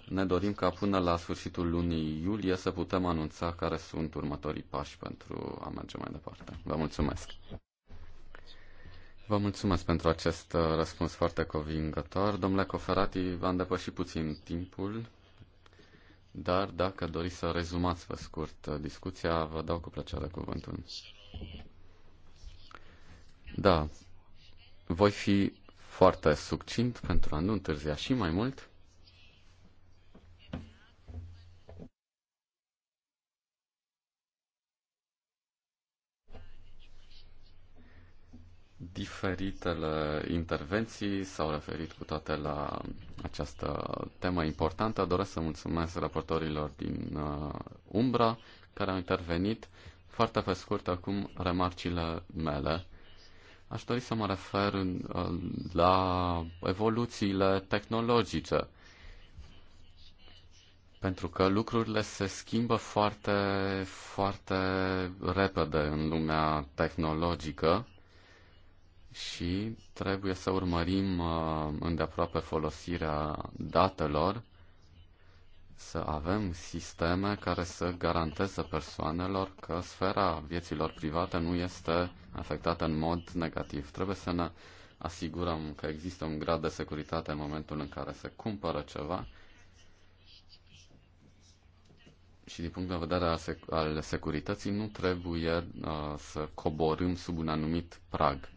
ne dorim ca până la sfârșitul lunii iulie să putem anunța care sunt următorii pași pentru a merge mai departe. Vă mulțumesc! Vă mulțumesc pentru acest uh, răspuns foarte convingător. Domnule Coferati, v-am depășit puțin timpul dar dacă doriți să rezumați pe scurt discuția, vă dau cu plăcere cuvântul. Da, voi fi foarte succint pentru a nu întârzia și mai mult. Diferitele intervenții s-au referit cu toate la această temă importantă. Doresc să mulțumesc raportorilor din uh, Umbra care au intervenit. Foarte pe scurt acum remarcile mele. Aș dori să mă refer uh, la evoluțiile tehnologice pentru că lucrurile se schimbă foarte, foarte repede în lumea tehnologică și trebuie să urmărim uh, îndeaproape folosirea datelor, să avem sisteme care să garanteze persoanelor că sfera vieților private nu este afectată în mod negativ. Trebuie să ne asigurăm că există un grad de securitate în momentul în care se cumpără ceva și din punct de vedere al, al securității nu trebuie uh, să coborâm sub un anumit prag.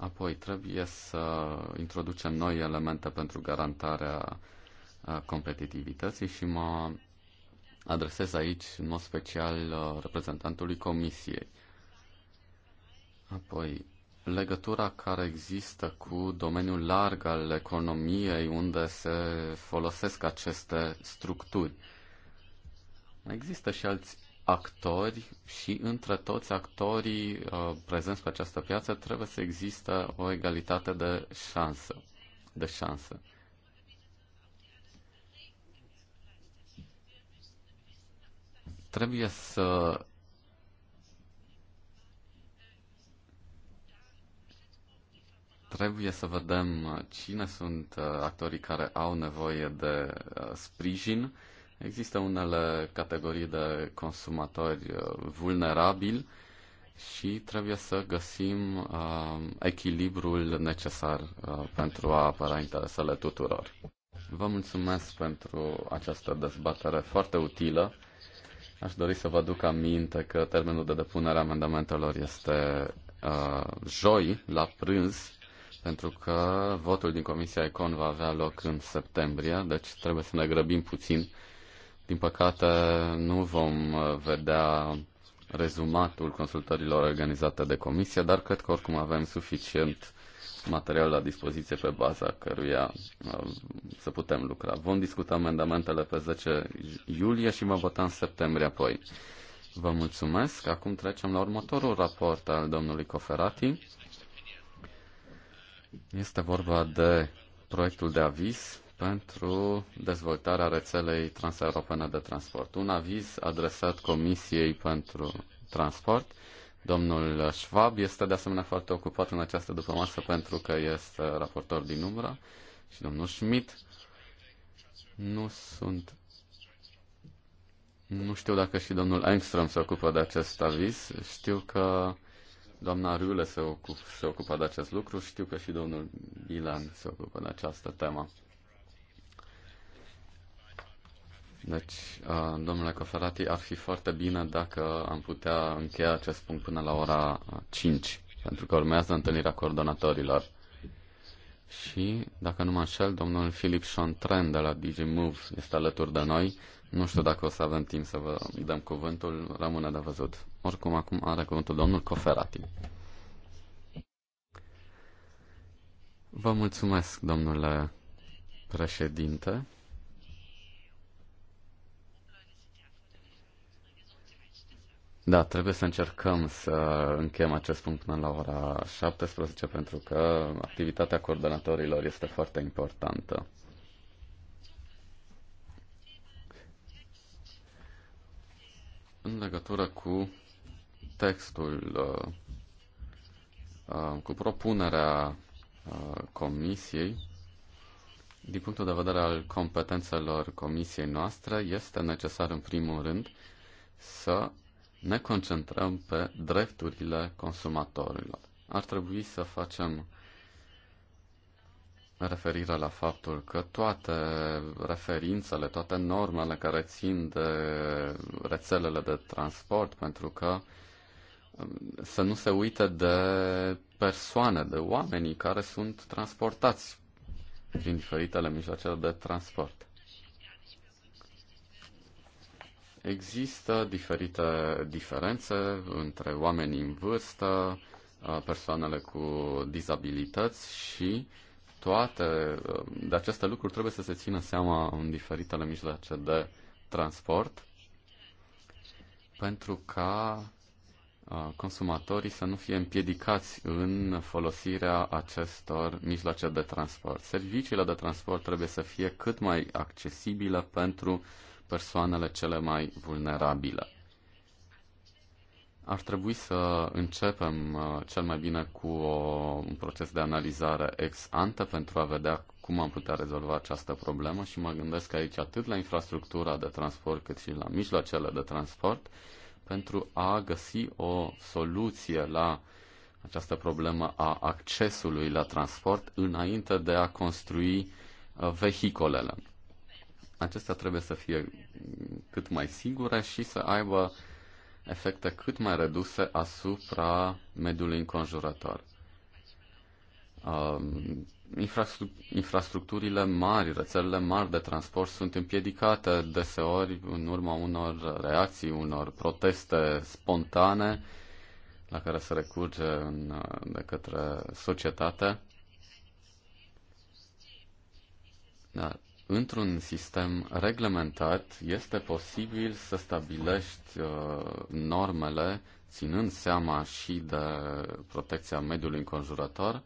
Apoi trebuie să introducem noi elemente pentru garantarea uh, competitivității și mă adresez aici în mod special uh, reprezentantului Comisiei. Apoi, legătura care există cu domeniul larg al economiei unde se folosesc aceste structuri. Există și alți actori și între toți actorii uh, prezenți pe această piață trebuie să există o egalitate de șansă. De șansă. Trebuie să Trebuie să vedem uh, cine sunt uh, actorii care au nevoie de uh, sprijin Există unele categorii de consumatori uh, vulnerabili și trebuie să găsim uh, echilibrul necesar uh, pentru a apăra interesele tuturor. Vă mulțumesc pentru această dezbatere foarte utilă. Aș dori să vă aduc aminte că termenul de depunere a amendamentelor este uh, joi, la prânz, pentru că votul din Comisia Econ va avea loc în septembrie, deci trebuie să ne grăbim puțin din păcate, nu vom uh, vedea rezumatul consultărilor organizate de comisie, dar cred că oricum avem suficient material la dispoziție pe baza căruia uh, să putem lucra. Vom discuta amendamentele pe 10 iulie și mă vota în septembrie apoi. Vă mulțumesc. Acum trecem la următorul raport al domnului Coferati. Este vorba de proiectul de aviz pentru dezvoltarea rețelei transeuropene de transport. Un aviz adresat Comisiei pentru Transport. Domnul Schwab este de asemenea foarte ocupat în această dupămasă pentru că este raportor din umbră și domnul Schmidt. Nu sunt nu știu dacă și domnul Engström se ocupă de acest aviz. Știu că doamna Riule se, ocup, se ocupă de acest lucru. Știu că și domnul Ilan se ocupă de această temă. Deci, uh, domnule Coferati, ar fi foarte bine dacă am putea încheia acest punct până la ora 5, pentru că urmează întâlnirea coordonatorilor. Și, dacă nu mă înșel, domnul Filip Chantren de la DigiMove este alături de noi. Nu știu dacă o să avem timp să vă dăm cuvântul, rămâne de văzut. Oricum, acum are cuvântul domnul Coferati. Vă mulțumesc, domnule președinte. Da, trebuie să încercăm să încheiem acest punct până la ora 17 pentru că activitatea coordonatorilor este foarte importantă. În legătură cu textul, uh, uh, cu propunerea uh, comisiei, din punctul de vedere al competențelor comisiei noastre, este necesar în primul rând să ne concentrăm pe drepturile consumatorilor. Ar trebui să facem referire la faptul că toate referințele, toate normele care țin de rețelele de transport, pentru că um, să nu se uite de persoane, de oamenii care sunt transportați prin diferitele mijloace de transport. Există diferite diferențe între oamenii în vârstă, persoanele cu dizabilități și toate de aceste lucruri trebuie să se țină seama în diferitele mijloace de transport pentru ca consumatorii să nu fie împiedicați în folosirea acestor mijloace de transport. Serviciile de transport trebuie să fie cât mai accesibile pentru uh, persoanele cele mai vulnerabile. Ar trebui să începem uh, cel mai bine cu o, un proces de analizare ex ante pentru a vedea cum am putea rezolva această problemă și mă gândesc aici atât la infrastructura de transport cât și la mijloacele de transport pentru a găsi o soluție la această problemă a accesului la transport înainte de a construi uh, vehicolele acestea trebuie să fie cât mai sigure și să aibă efecte cât mai reduse asupra mediului înconjurător. Um, infrastructurile mari, rețelele mari de transport sunt împiedicate deseori în urma unor reacții, unor proteste spontane la care se recurge în, de către societate. Dar într-un sistem reglementat este posibil să stabilești uh, normele ținând seama și de protecția mediului înconjurător,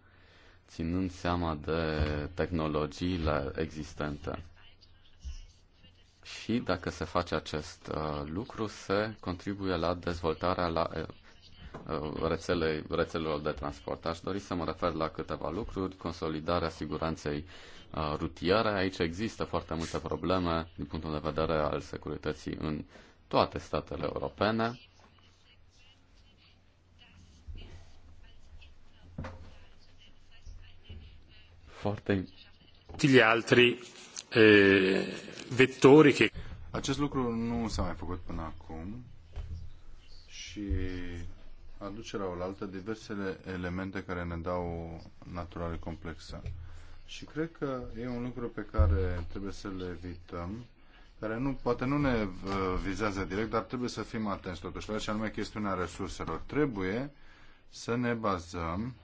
ținând seama de tehnologiile existente. Și dacă se face acest uh, lucru, se contribuie la dezvoltarea la uh, uh rețelei, rețelelor de transport. Aș dori să mă refer la câteva lucruri, consolidarea siguranței uh, Uh, rutiere. Aici există foarte multe probleme din punctul de vedere al securității în toate statele europene. Foarte Tili altri eh, vettori che... Acest lucru nu s-a mai făcut până acum și aduce la oaltă diversele elemente care ne dau o naturale complexă. Și cred că e un lucru pe care trebuie să-l evităm, care nu, poate nu ne uh, vizează direct, dar trebuie să fim atenți totuși la ce anume chestiunea resurselor. Trebuie să ne bazăm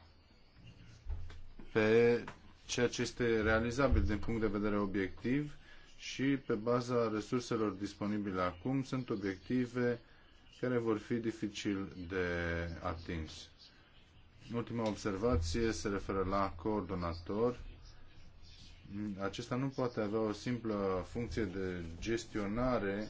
pe ceea ce este realizabil din punct de vedere obiectiv și pe baza resurselor disponibile acum sunt obiective care vor fi dificil de atins. Ultima observație se referă la coordonator acesta nu poate avea o simplă funcție de gestionare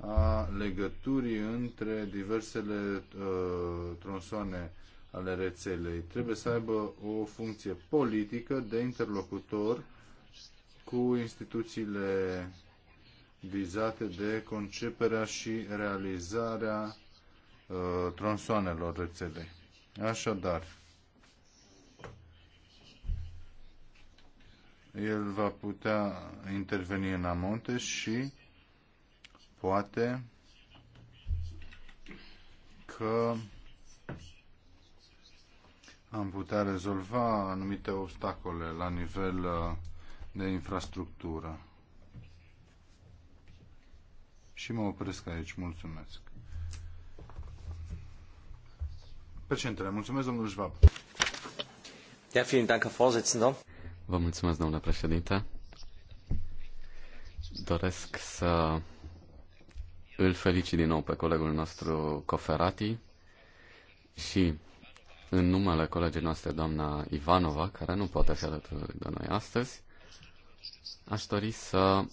a legăturii între diversele uh, tronsoane ale rețelei. Trebuie să aibă o funcție politică de interlocutor cu instituțiile vizate de conceperea și realizarea uh, tronsoanelor rețelei. Așadar, el va putea interveni în amonte și poate că am putea rezolva anumite obstacole la nivel uh, de infrastructură. Și mă opresc aici. Mulțumesc. Președintele, mulțumesc, domnul Jvab. Ja, vielen Dank, Herr Vorsitzender. Vă mulțumesc, domnule președinte. Doresc să îl felicit din nou pe colegul nostru Coferati și în numele colegii noastre, doamna Ivanova, care nu poate fi alături de noi astăzi, aș dori să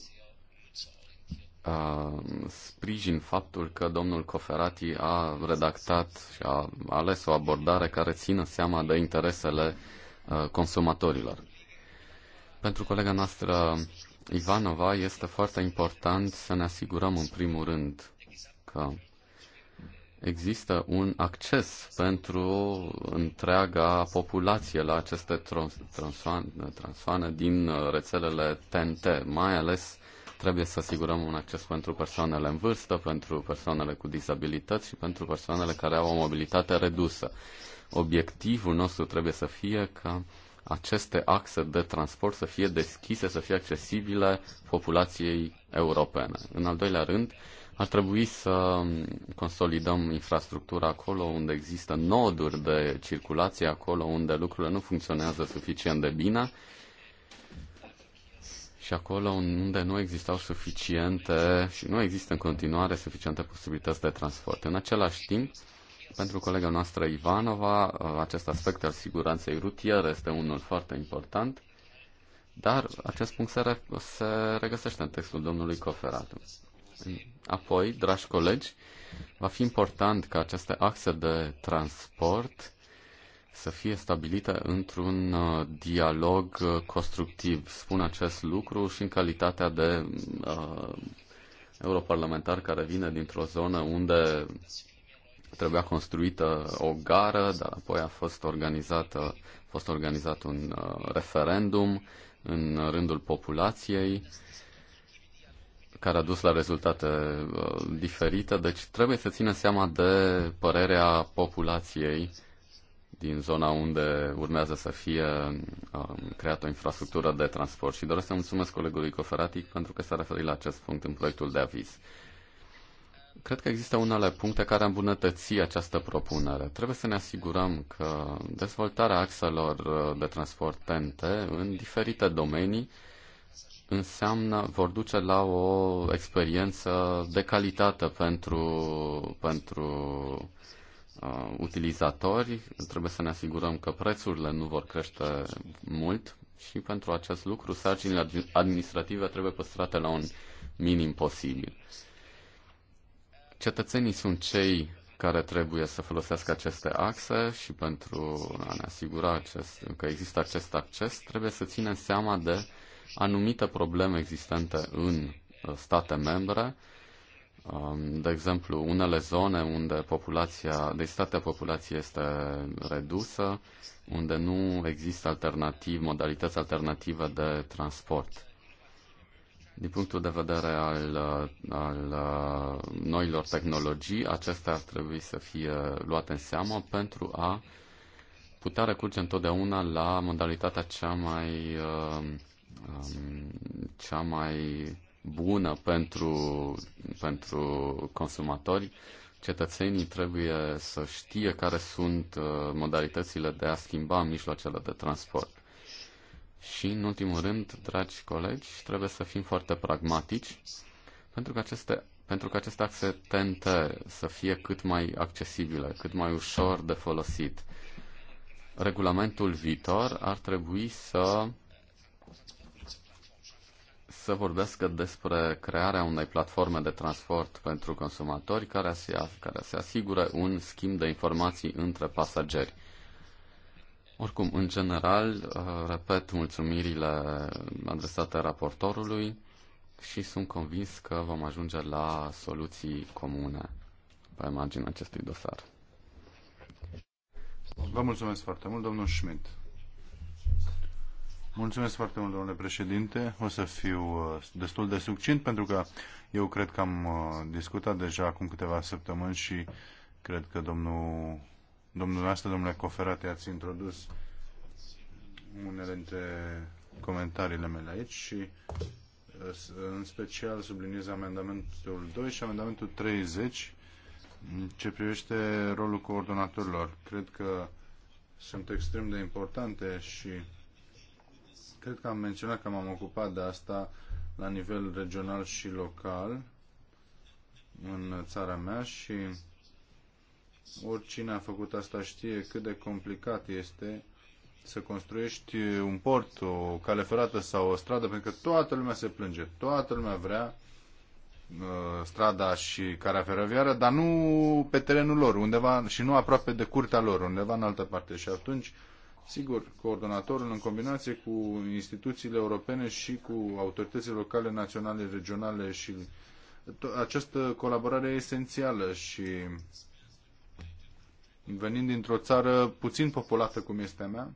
uh, sprijin faptul că domnul Coferati a redactat și a ales o abordare care țină seama de interesele uh, consumatorilor. Pentru colega noastră Ivanova este foarte important să ne asigurăm în primul rând că există un acces pentru întreaga populație la aceste transoane, transoane din rețelele TNT, mai ales trebuie să asigurăm un acces pentru persoanele în vârstă, pentru persoanele cu dizabilități și pentru persoanele care au o mobilitate redusă. Obiectivul nostru trebuie să fie ca aceste axe de transport să fie deschise, să fie accesibile populației europene. În al doilea rând, ar trebui să consolidăm infrastructura acolo unde există noduri de circulație, acolo unde lucrurile nu funcționează suficient de bine și acolo unde nu existau suficiente și nu există în continuare suficiente posibilități de transport. În același timp, pentru colega noastră Ivanova, acest aspect al siguranței rutiere este unul foarte important, dar acest punct se, re- se regăsește în textul domnului Coferatu. Apoi, dragi colegi, va fi important ca aceste axe de transport să fie stabilite într-un uh, dialog uh, constructiv. Spun acest lucru și în calitatea de uh, europarlamentar care vine dintr-o zonă unde trebuia construită o gară, dar apoi a fost, organizată, a fost organizat un uh, referendum în rândul populației care a dus la rezultate uh, diferite, deci trebuie să țină seama de părerea populației din zona unde urmează să fie um, creată o infrastructură de transport. Și doresc să mulțumesc colegului Coferatic pentru că s-a referit la acest punct în proiectul de aviz. Cred că există unele puncte care îmbunătăți această propunere. Trebuie să ne asigurăm că dezvoltarea axelor de transport TNT în diferite domenii înseamnă, vor duce la o experiență de calitate pentru, pentru uh, utilizatori. Trebuie să ne asigurăm că prețurile nu vor crește mult și pentru acest lucru sarcinile administrative trebuie păstrate la un minim posibil. Uh, Cetățenii sunt cei care trebuie să folosească aceste axe și pentru a ne asigura acest, că există acest acces, trebuie să ținem seama de anumite probleme existente în uh, state membre, um, de exemplu, unele zone unde populația, densitatea populației este redusă, unde nu există alternativ, modalități alternative de transport. Din punctul de vedere al, al uh, noilor tehnologii, acestea ar trebui să fie luate în seamă pentru a putea recurge întotdeauna la modalitatea cea mai, uh, um, cea mai bună pentru, pentru consumatori. Cetățenii trebuie să știe care sunt uh, modalitățile de a schimba mijloacele de transport. Și, în ultimul rând, dragi colegi, trebuie să fim foarte pragmatici, pentru că aceste, pentru că aceste axe TNT să fie cât mai accesibile, cât mai ușor de folosit. Regulamentul viitor ar trebui să să vorbească despre crearea unei platforme de transport pentru consumatori care se, care se asigure un schimb de informații între pasageri. Oricum, în general, uh, repet mulțumirile adresate raportorului și sunt convins că vom ajunge la soluții comune pe marginea acestui dosar. Vă mulțumesc foarte mult, domnul Schmidt. Mulțumesc foarte mult, domnule președinte. O să fiu uh, destul de succint pentru că eu cred că am uh, discutat deja acum câteva săptămâni și cred că domnul Dumneavoastră, domnule Coferate, ați introdus unele dintre comentariile mele aici și uh, în special subliniez amendamentul 2 și amendamentul 30 ce privește rolul coordonatorilor. Cred că sunt extrem de importante și cred că am menționat că m-am ocupat de asta la nivel regional și local în țara mea și Oricine a făcut asta știe cât de complicat este să construiești un port, o cale ferată sau o stradă, pentru că toată lumea se plânge, toată lumea vrea uh, strada și care feroviară, dar nu pe terenul lor, undeva și nu aproape de curtea lor, undeva în altă parte. Și atunci, sigur, coordonatorul în combinație cu instituțiile europene și cu autoritățile locale, naționale, regionale și această colaborare e esențială și venind dintr-o țară puțin populată cum este a mea,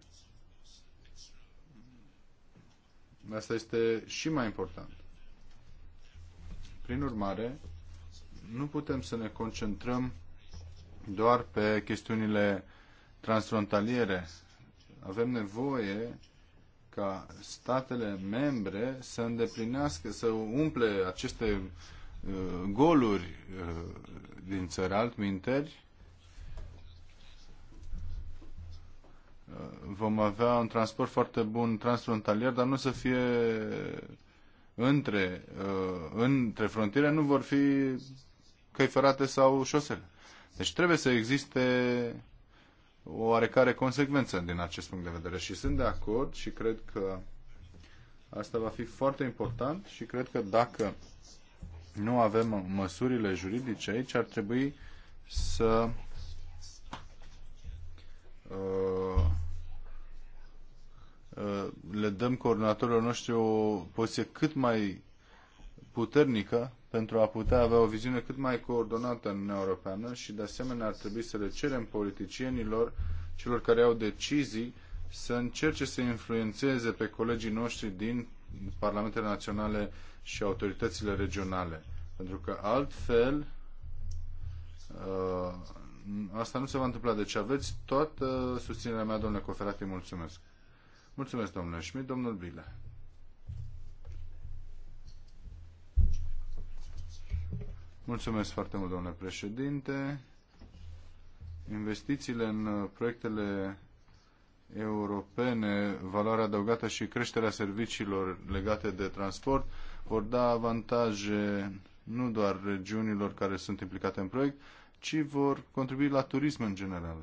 asta este și mai important. Prin urmare, nu putem să ne concentrăm doar pe chestiunile transfrontaliere. Avem nevoie ca statele membre să îndeplinească, să umple aceste uh, goluri uh, din țări altminteri Uh, vom avea un transport foarte bun transfrontalier, dar nu să fie între, uh, între frontiere, nu vor fi căi ferate sau șosele. Deci trebuie să existe o oarecare consecvență din acest punct de vedere și sunt de acord și cred că asta va fi foarte important și cred că dacă nu avem măsurile juridice aici, ar trebui să uh, Uh, le dăm coordonatorilor noștri o poziție cât mai puternică pentru a putea avea o viziune cât mai coordonată în Uniunea Europeană și de asemenea ar trebui să le cerem politicienilor, celor care au decizii, să încerce să influențeze pe colegii noștri din parlamentele naționale și autoritățile regionale. Pentru că altfel uh, asta nu se va întâmpla. Deci aveți toată susținerea mea, domnule Coferati, mulțumesc. Mulțumesc, domnule Schmidt. Domnul Bile. Mulțumesc foarte mult, domnule președinte. Investițiile în proiectele europene, valoarea adăugată și creșterea serviciilor legate de transport vor da avantaje nu doar regiunilor care sunt implicate în proiect, ci vor contribui la turism în general.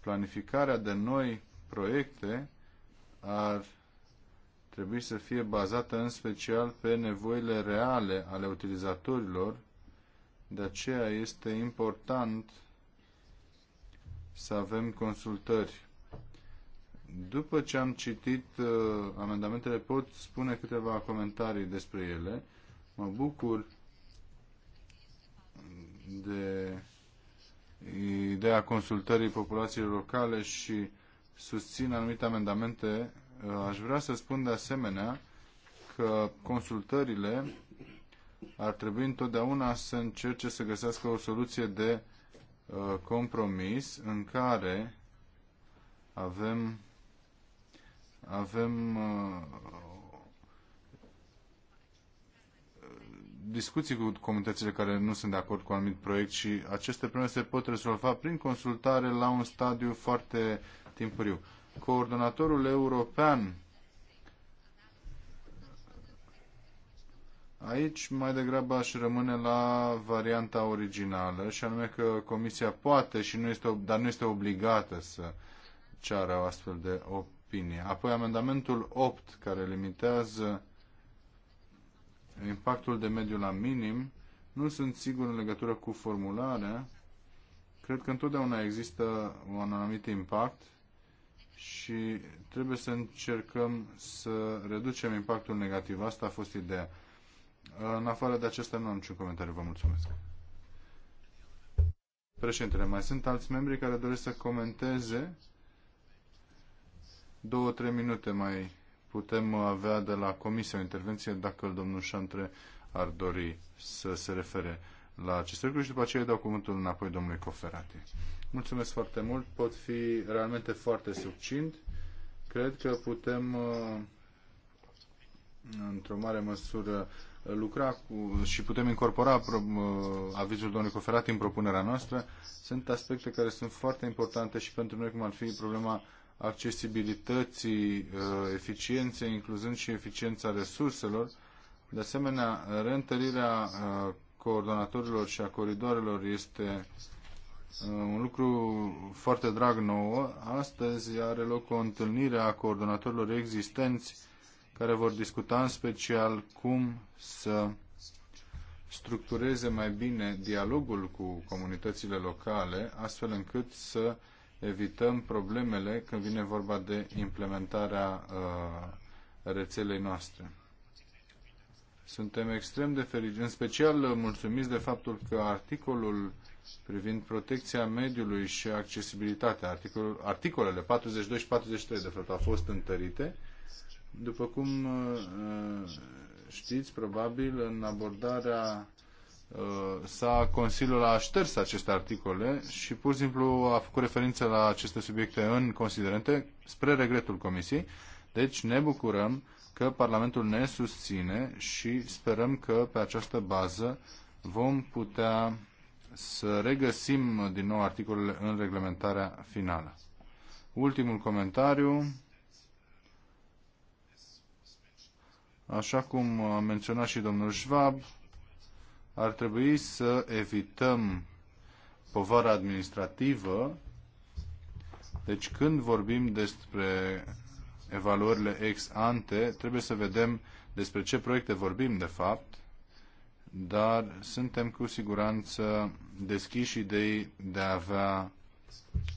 Planificarea de noi proiecte ar trebui să fie bazată în special pe nevoile reale ale utilizatorilor. De aceea este important să avem consultări. După ce am citit uh, amendamentele, pot spune câteva comentarii despre ele. Mă bucur de ideea consultării populației locale și susțin anumite amendamente. Uh, aș vrea să spun de asemenea că consultările ar trebui întotdeauna să încerce să găsească o soluție de uh, compromis în care avem avem uh, discuții cu comunitățile care nu sunt de acord cu un anumit proiect și aceste probleme se pot rezolva prin consultare la un stadiu foarte timpuriu. Coordonatorul european Aici mai degrabă aș rămâne la varianta originală și anume că Comisia poate, și nu este, dar nu este obligată să ceară o astfel de opinie. Apoi amendamentul 8 care limitează impactul de mediu la minim. Nu sunt sigur în legătură cu formularea. Cred că întotdeauna există un anumit impact și trebuie să încercăm să reducem impactul negativ. Asta a fost ideea. În afară de acesta nu am niciun comentariu. Vă mulțumesc. Președintele, mai sunt alți membri care doresc să comenteze? Două, trei minute mai putem avea de la Comisie o intervenție dacă domnul Șantre ar dori să se refere la acest lucru și după aceea dau cuvântul înapoi domnului Coferati. Mulțumesc foarte mult, pot fi realmente foarte succint. Cred că putem uh, într-o mare măsură lucra cu, și putem incorpora uh, avizul domnului Coferati în propunerea noastră. Sunt aspecte care sunt foarte importante și pentru noi, cum ar fi problema accesibilității, uh, eficienței, incluzând și eficiența resurselor, de asemenea, reîntărirea coordonatorilor și a coridoarelor este uh, un lucru foarte drag nouă. Astăzi are loc o întâlnire a coordonatorilor existenți care vor discuta în special cum să structureze mai bine dialogul cu comunitățile locale, astfel încât să evităm problemele când vine vorba de implementarea uh, rețelei noastre. Suntem extrem de fericiți, în special mulțumiți de faptul că articolul privind protecția mediului și accesibilitatea, articol- articolele 42 și 43 de fapt au fost întărite. După cum uh, știți, probabil, în abordarea uh, s-a Consiliul a șters aceste articole și pur și simplu a făcut referință la aceste subiecte în considerente spre regretul Comisiei. Deci ne bucurăm că Parlamentul ne susține și sperăm că pe această bază vom putea să regăsim din nou articolele în reglementarea finală. Ultimul comentariu. Așa cum a menționat și domnul Schwab, ar trebui să evităm povara administrativă. Deci când vorbim despre evaluările ex ante, trebuie să vedem despre ce proiecte vorbim de fapt, dar suntem cu siguranță deschiși idei de a avea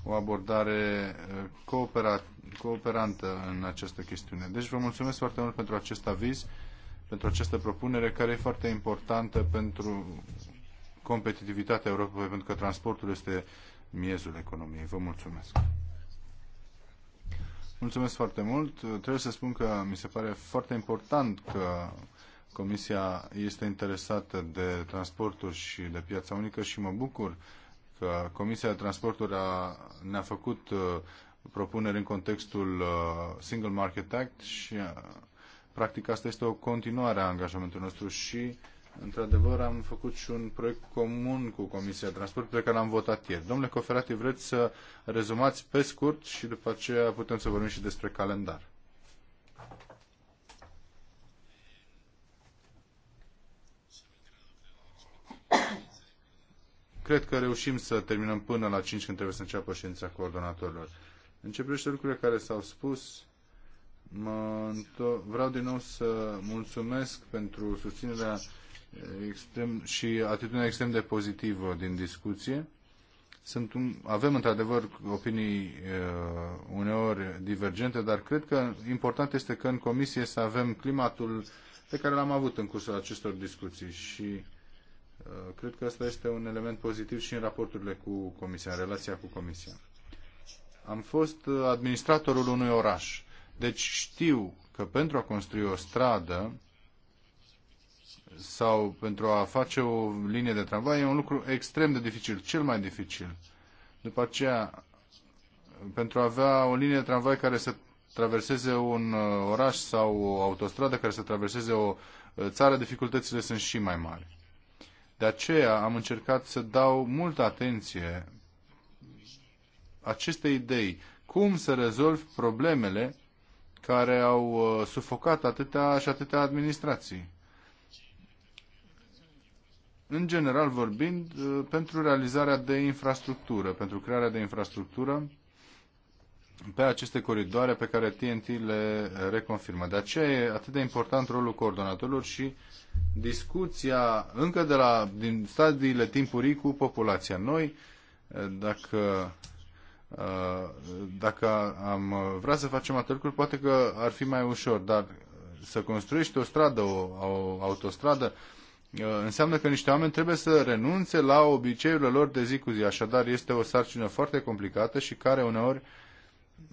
o abordare eh, coopera cooperantă în această chestiune. Deci vă mulțumesc foarte mult pentru acest aviz, pentru această propunere care e foarte importantă pentru competitivitatea Europei, pentru că transportul este miezul economiei. Vă mulțumesc! Mulțumesc foarte mult. Trebuie să spun că mi se pare foarte important că Comisia este interesată de transporturi și de piața unică și mă bucur că Comisia de Transporturi a, ne-a făcut uh, propuneri în contextul uh, Single Market Act și uh, practic asta este o continuare a angajamentului nostru și Într-adevăr, am făcut și un proiect comun cu Comisia de Transport pe care l-am votat ieri. Domnule Coferati, vreți să rezumați pe scurt și după aceea putem să vorbim și despre calendar. Cred că reușim să terminăm până la 5 când trebuie să înceapă ședința coordonatorilor. În ce privește lucrurile care s-au spus, mă, vreau din nou să mulțumesc pentru susținerea extrem, și atitudinea extrem de pozitivă din discuție. Sunt un, avem într-adevăr opinii uh, uneori divergente, dar cred că important este că în comisie să avem climatul pe care l-am avut în cursul acestor discuții și uh, cred că asta este un element pozitiv și în raporturile cu comisia, în relația cu comisia. Am fost uh, administratorul unui oraș, deci știu că pentru a construi o stradă sau pentru a face o linie de tramvai e un lucru extrem de dificil, cel mai dificil. După aceea, pentru a avea o linie de tramvai care să traverseze un uh, oraș sau o autostradă care să traverseze o uh, țară, dificultățile sunt și mai mari. De aceea am încercat să dau multă atenție aceste idei, cum să rezolvi problemele care au uh, sufocat atâtea și atâtea administrații în general vorbind, uh, pentru realizarea de infrastructură, pentru crearea de infrastructură pe aceste coridoare pe care TNT le reconfirmă. De aceea e atât de important rolul coordonatorilor și discuția încă de la, din stadiile timpurii cu populația. Noi, uh, dacă, uh, dacă am vrea să facem atât lucruri, poate că ar fi mai ușor, dar să construiești o stradă, o, o autostradă, Uh, înseamnă că niște oameni trebuie să renunțe la obiceiurile lor de zi cu zi. Așadar, este o sarcină foarte complicată și care uneori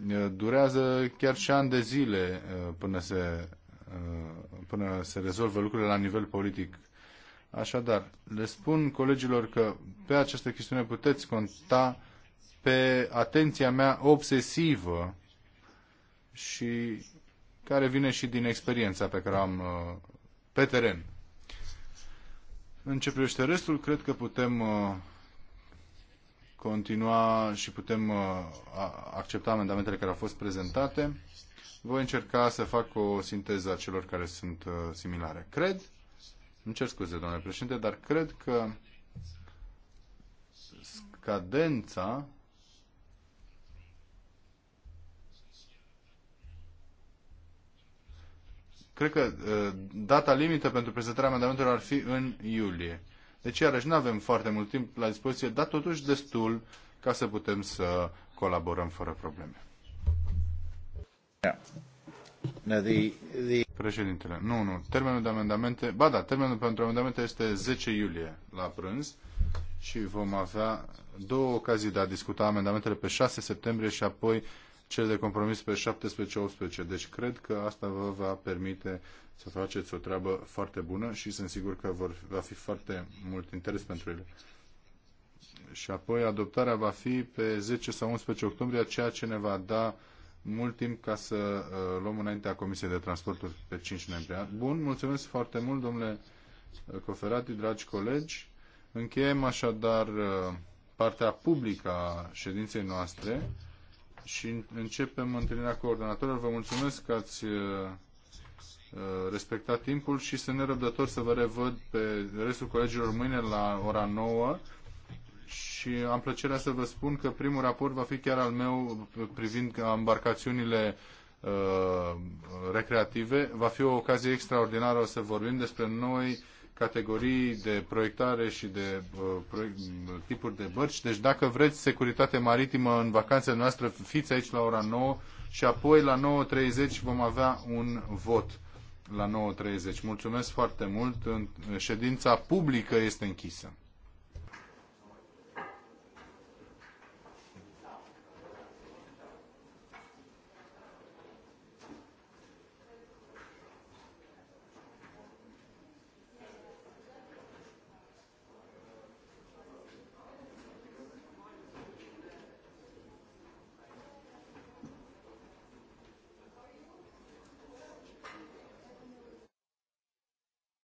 uh, durează chiar și ani de zile uh, până se, până se rezolvă lucrurile la nivel politic. Așadar, le spun colegilor că pe această chestiune puteți conta pe atenția mea obsesivă și care vine și din experiența pe care am pe teren. În ce privește restul, cred că putem uh, continua și putem uh, accepta amendamentele care au fost prezentate. Voi încerca să fac o sinteză a celor care sunt uh, similare. Cred, îmi cer scuze, domnule președinte, dar cred că scadența. Cred că uh, data limită pentru prezentarea amendamentelor ar fi în iulie. Deci, iarăși, nu avem foarte mult timp la dispoziție, dar totuși destul ca să putem să colaborăm fără probleme. Now the, the... Președintele, nu, nu, termenul de amendamente, ba da, termenul pentru amendamente este 10 iulie la prânz și vom avea două ocazii de a discuta amendamentele pe 6 septembrie și apoi cel de compromis pe 17-18. Deci cred că asta vă va permite să faceți o treabă foarte bună și sunt sigur că vor, va fi foarte mult interes pentru ele. Și apoi adoptarea va fi pe 10 sau 11 octombrie, ceea ce ne va da mult timp ca să uh, luăm înaintea Comisiei de Transporturi pe 5 noiembrie. Bun, mulțumesc foarte mult, domnule Coferati, dragi colegi. Încheiem așadar uh, partea publică a ședinței noastre și începem întâlnirea coordonatorilor. Vă mulțumesc că ați uh, uh, respectat timpul și sunt nerăbdător să vă revăd pe restul colegilor mâine la ora 9 și am plăcerea să vă spun că primul raport va fi chiar al meu privind embarcațiunile uh, recreative. Va fi o ocazie extraordinară, o să vorbim despre noi categorii de proiectare și de uh, proiect, tipuri de bărci. Deci dacă vreți securitate maritimă în vacanțele noastre, fiți aici la ora 9 și apoi la 9.30 vom avea un vot la 9.30. Mulțumesc foarte mult. Ședința publică este închisă.